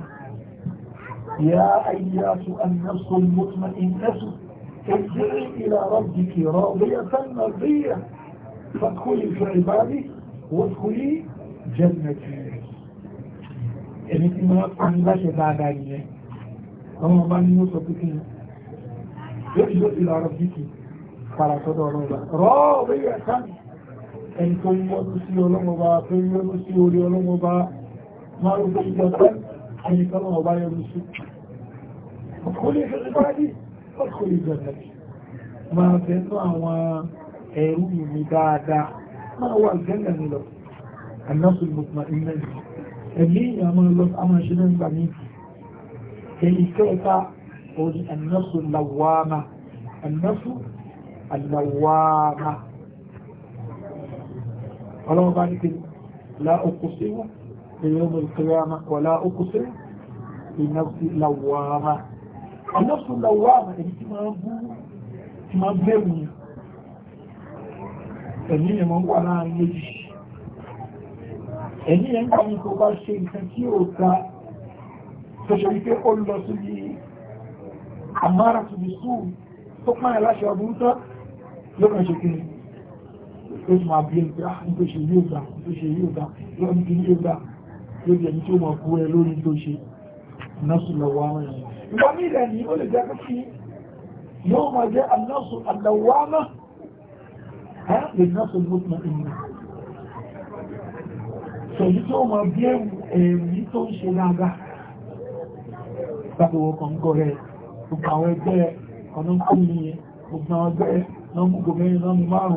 ya ayyatu an-nafsu al-mutma'innatu ارجعي إلى ربك راضية مرضية فادخلي في عبادي وادخلي جنتي ẹni tí wọ́n pa ní láṣẹ dáadáa nìyẹn ọmọ bá ní ó ẹni tó ń mọ́ sí ọlọ́mọba tó ń mọ́ sí orí ọlọ́mọba máa ń gbé ìjọ tẹ́ ẹni tọ́lọ́mọba yọrù sí máa fẹ́nú àwọn ẹ̀rú ìmì dáadáa máa wà gẹ́gẹ́ ní lọ annasul mutmainna ẹ̀mí ìyàmọ́ lọ àwọn ṣe náà gbàmí ẹni kẹta orí lawama ọlọ́wọ́ bá ní pé láòkúsíwá ìyọ́mù ìkìyàmà wà láòkúsí ìnáfí làwàmà ìnáfí làwàmà èyí tí máa bẹ̀rù ẹ̀mí ẹ̀mọ́ wà láàrin méjì ẹ̀mí ẹ̀ ń kọ́ ní kó bá ṣe nǹkan tí ó ta tó ṣe wípé ó lọ sí ní àmárà tó ní sùúrù tó pààyàn láṣẹ ọdún tán ló kàn ṣe kiri ó sì máa bí ẹni pé ah nítorí ṣe yóò dá nítorí ṣe yóò dá lọ́nà tí yóò dá lórí ẹni tí ó mọ̀ kú ẹ lórí tó ṣe nọ́ọ̀sù lọ́wọ́ àwọn ẹ̀yìn. ìgbà mí rẹ̀ ni ó lè jẹ́ kí yóò máa jẹ́ anọ́ọ̀sù àlọ́wọ́ náà ẹ̀ lè nọ́ọ̀sù lọ́pọ̀ ìmọ̀ pẹ̀lú tó mọ̀ bí èrí tó ń ṣe lága gbogbo ọkàn gọ́rẹ̀ gbogbo àwọn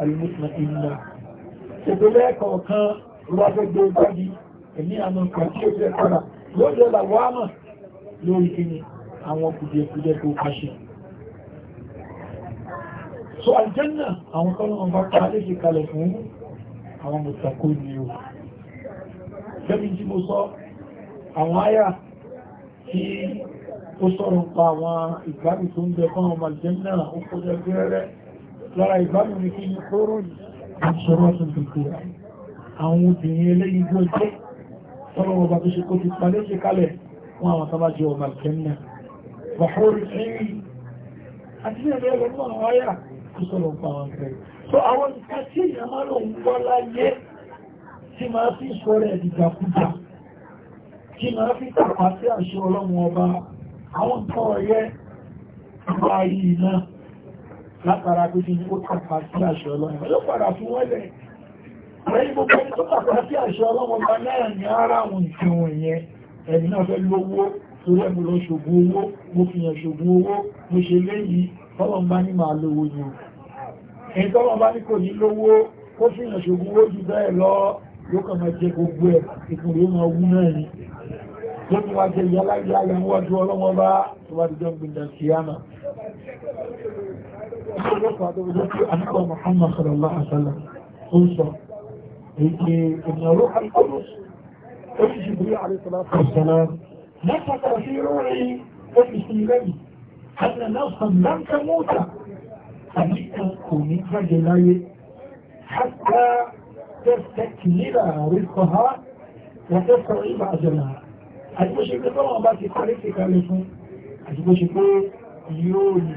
àlùmọ́sùn ìlú ìgbélé ẹ̀kọ̀ kan rọ́gbẹ́gbẹ́ ìgbàdí ẹ̀mí àwọn nǹkan tí ó fẹ́ kọ́ra lóòjọ́ làwọ́ àmà lórí kíni àwọn kùdìẹ̀kùdìẹ̀ tó kàṣẹ so aljanna àwọn tọ́lọ́ ọba ká léṣe kalẹ̀ fún àwọn mùsàkó ni o gẹ́bí tí mo sọ àwọn àyà tí ó sọ̀rọ̀ pa àwọn ìgbádùn tó ń bẹ fún àwọn aljanna ó kọjá gẹ́rẹ́ lára ìbámu ní kí ní kóró ní àṣọwọ́ tó fi kúrò àwọn obìnrin eléyìí gbọ́ jẹ́ tọ́lọ́wọ́ bá tó ṣe kó ti palẹ́ ṣe kalẹ̀ wọn àwọn tọ́bá jẹ́ ọmọ ìkẹ́mìnà bàhórí ẹ̀yìn àti ẹ̀rẹ́ ẹ̀rọ náà wáyà tó sọ̀rọ̀ pa àwọn ìfẹ́ so àwọn nǹkan tí ìyá máa ọlọ́run ọba látara pé kí ó tàpá sí àṣẹ ọlọ́run yóò padà fún wọ́n lẹ̀ lẹ́yìn gbogbo ẹni tó tàpá sí àṣẹ ọlọ́run bá náà ní ara àwọn nǹkan wọ̀nyẹn ẹni náà fẹ́ lówó torí ẹ̀mú lọ ṣògùn owó mo fi hàn ṣògùn owó mo ṣe léyìí tọ́lọ́n bá ní máa lówó ni ẹni tọ́lọ́n bá ní kò ní lówó ó fi hàn ṣògùn owó jù bẹ́ẹ̀ lọ yóò kàn máa jẹ gbogbo ẹ̀ ìkùn yóò máa wú náà ni lóbi wá jẹ ìyá ayé àwọn ọdún ọlọ́wọ́ bá tó bá dìjọ́ gbìndà sí أنا أنه محمد صلى الله عليه وسلم خلصة إن روح القدس ابن جبريل عليه الصلاة والسلام نفخ في روحي ابن سيلمي أن نفسا لن تموت أن كوني فجلاي حتى تستكمل رزقها وتستوعب أجلها أجبوش بطلع باكي تعرفك عليكم أجبوش بطلع يولي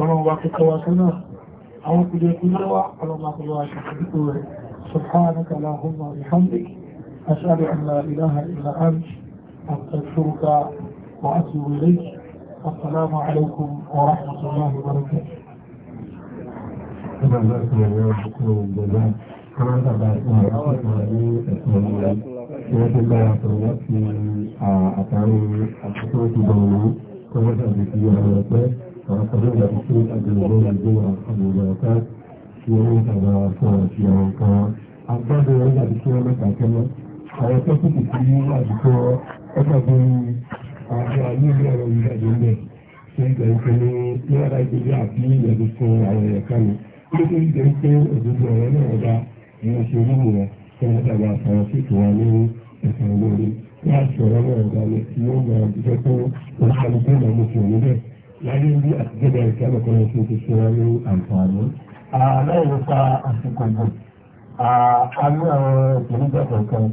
ọlọ́run wa kíkọ́ wa sọ́nà àwọn kùdẹ̀ kúlẹ̀ wa ọlọ́run akọlọ́ wa ṣàkóso rẹ̀ سبحانك اللهم وبحمدك أشهد أن لا إله إلا أنت أستغفرك وأتوب إليك السلام عليكم ورحمة الله وبركاته Àwọn àgbà ìpínlẹ̀ ìpínlẹ̀ ní ẹ̀sùn ìlú, wọ́n ti bára sọ̀rọ̀ láti àtàrí àtúkọ́ ìdọ̀wọ̀ ní kọ́wọ́dà ìdíyàn ọ̀pẹ́. فقدرنا بسرعة عبد الله الدور عن المباركات يوم على صورة يوم كان àgbàdo ọjà àti kíwọ́n mẹ́ta kẹ́lọ́ àwọn tọ́pìtì tí àdìkọ́ ọkàbí àjọ alóòlù ọ̀rọ̀ ìgbàjọ ń bẹ̀ ṣe ń gbẹ̀rù pé ní yàrá ìgbèjì àti ìyẹ̀dù fún àwọn ẹ̀yà kan ní ó tó ń jẹ́ pé òdodo ọ̀rọ̀ náà ọ̀dà ìwọ̀n ṣe orí wọn kí wọ́n dàgbà àtàwọn sí ìtura ní ẹ̀sán olóore wọ́n á sọ̀rọ̀ náà ọ̀dà ní tí ó ń gbà yàrá ibi àti gẹ́gẹ́ ìkẹ́ ẹ̀kọ́ ní kí o ti ṣe wọ́n ní àǹfààní. láì nípa àsìkò ìbò a àwọn ìpèníjà kọ̀ọ̀kan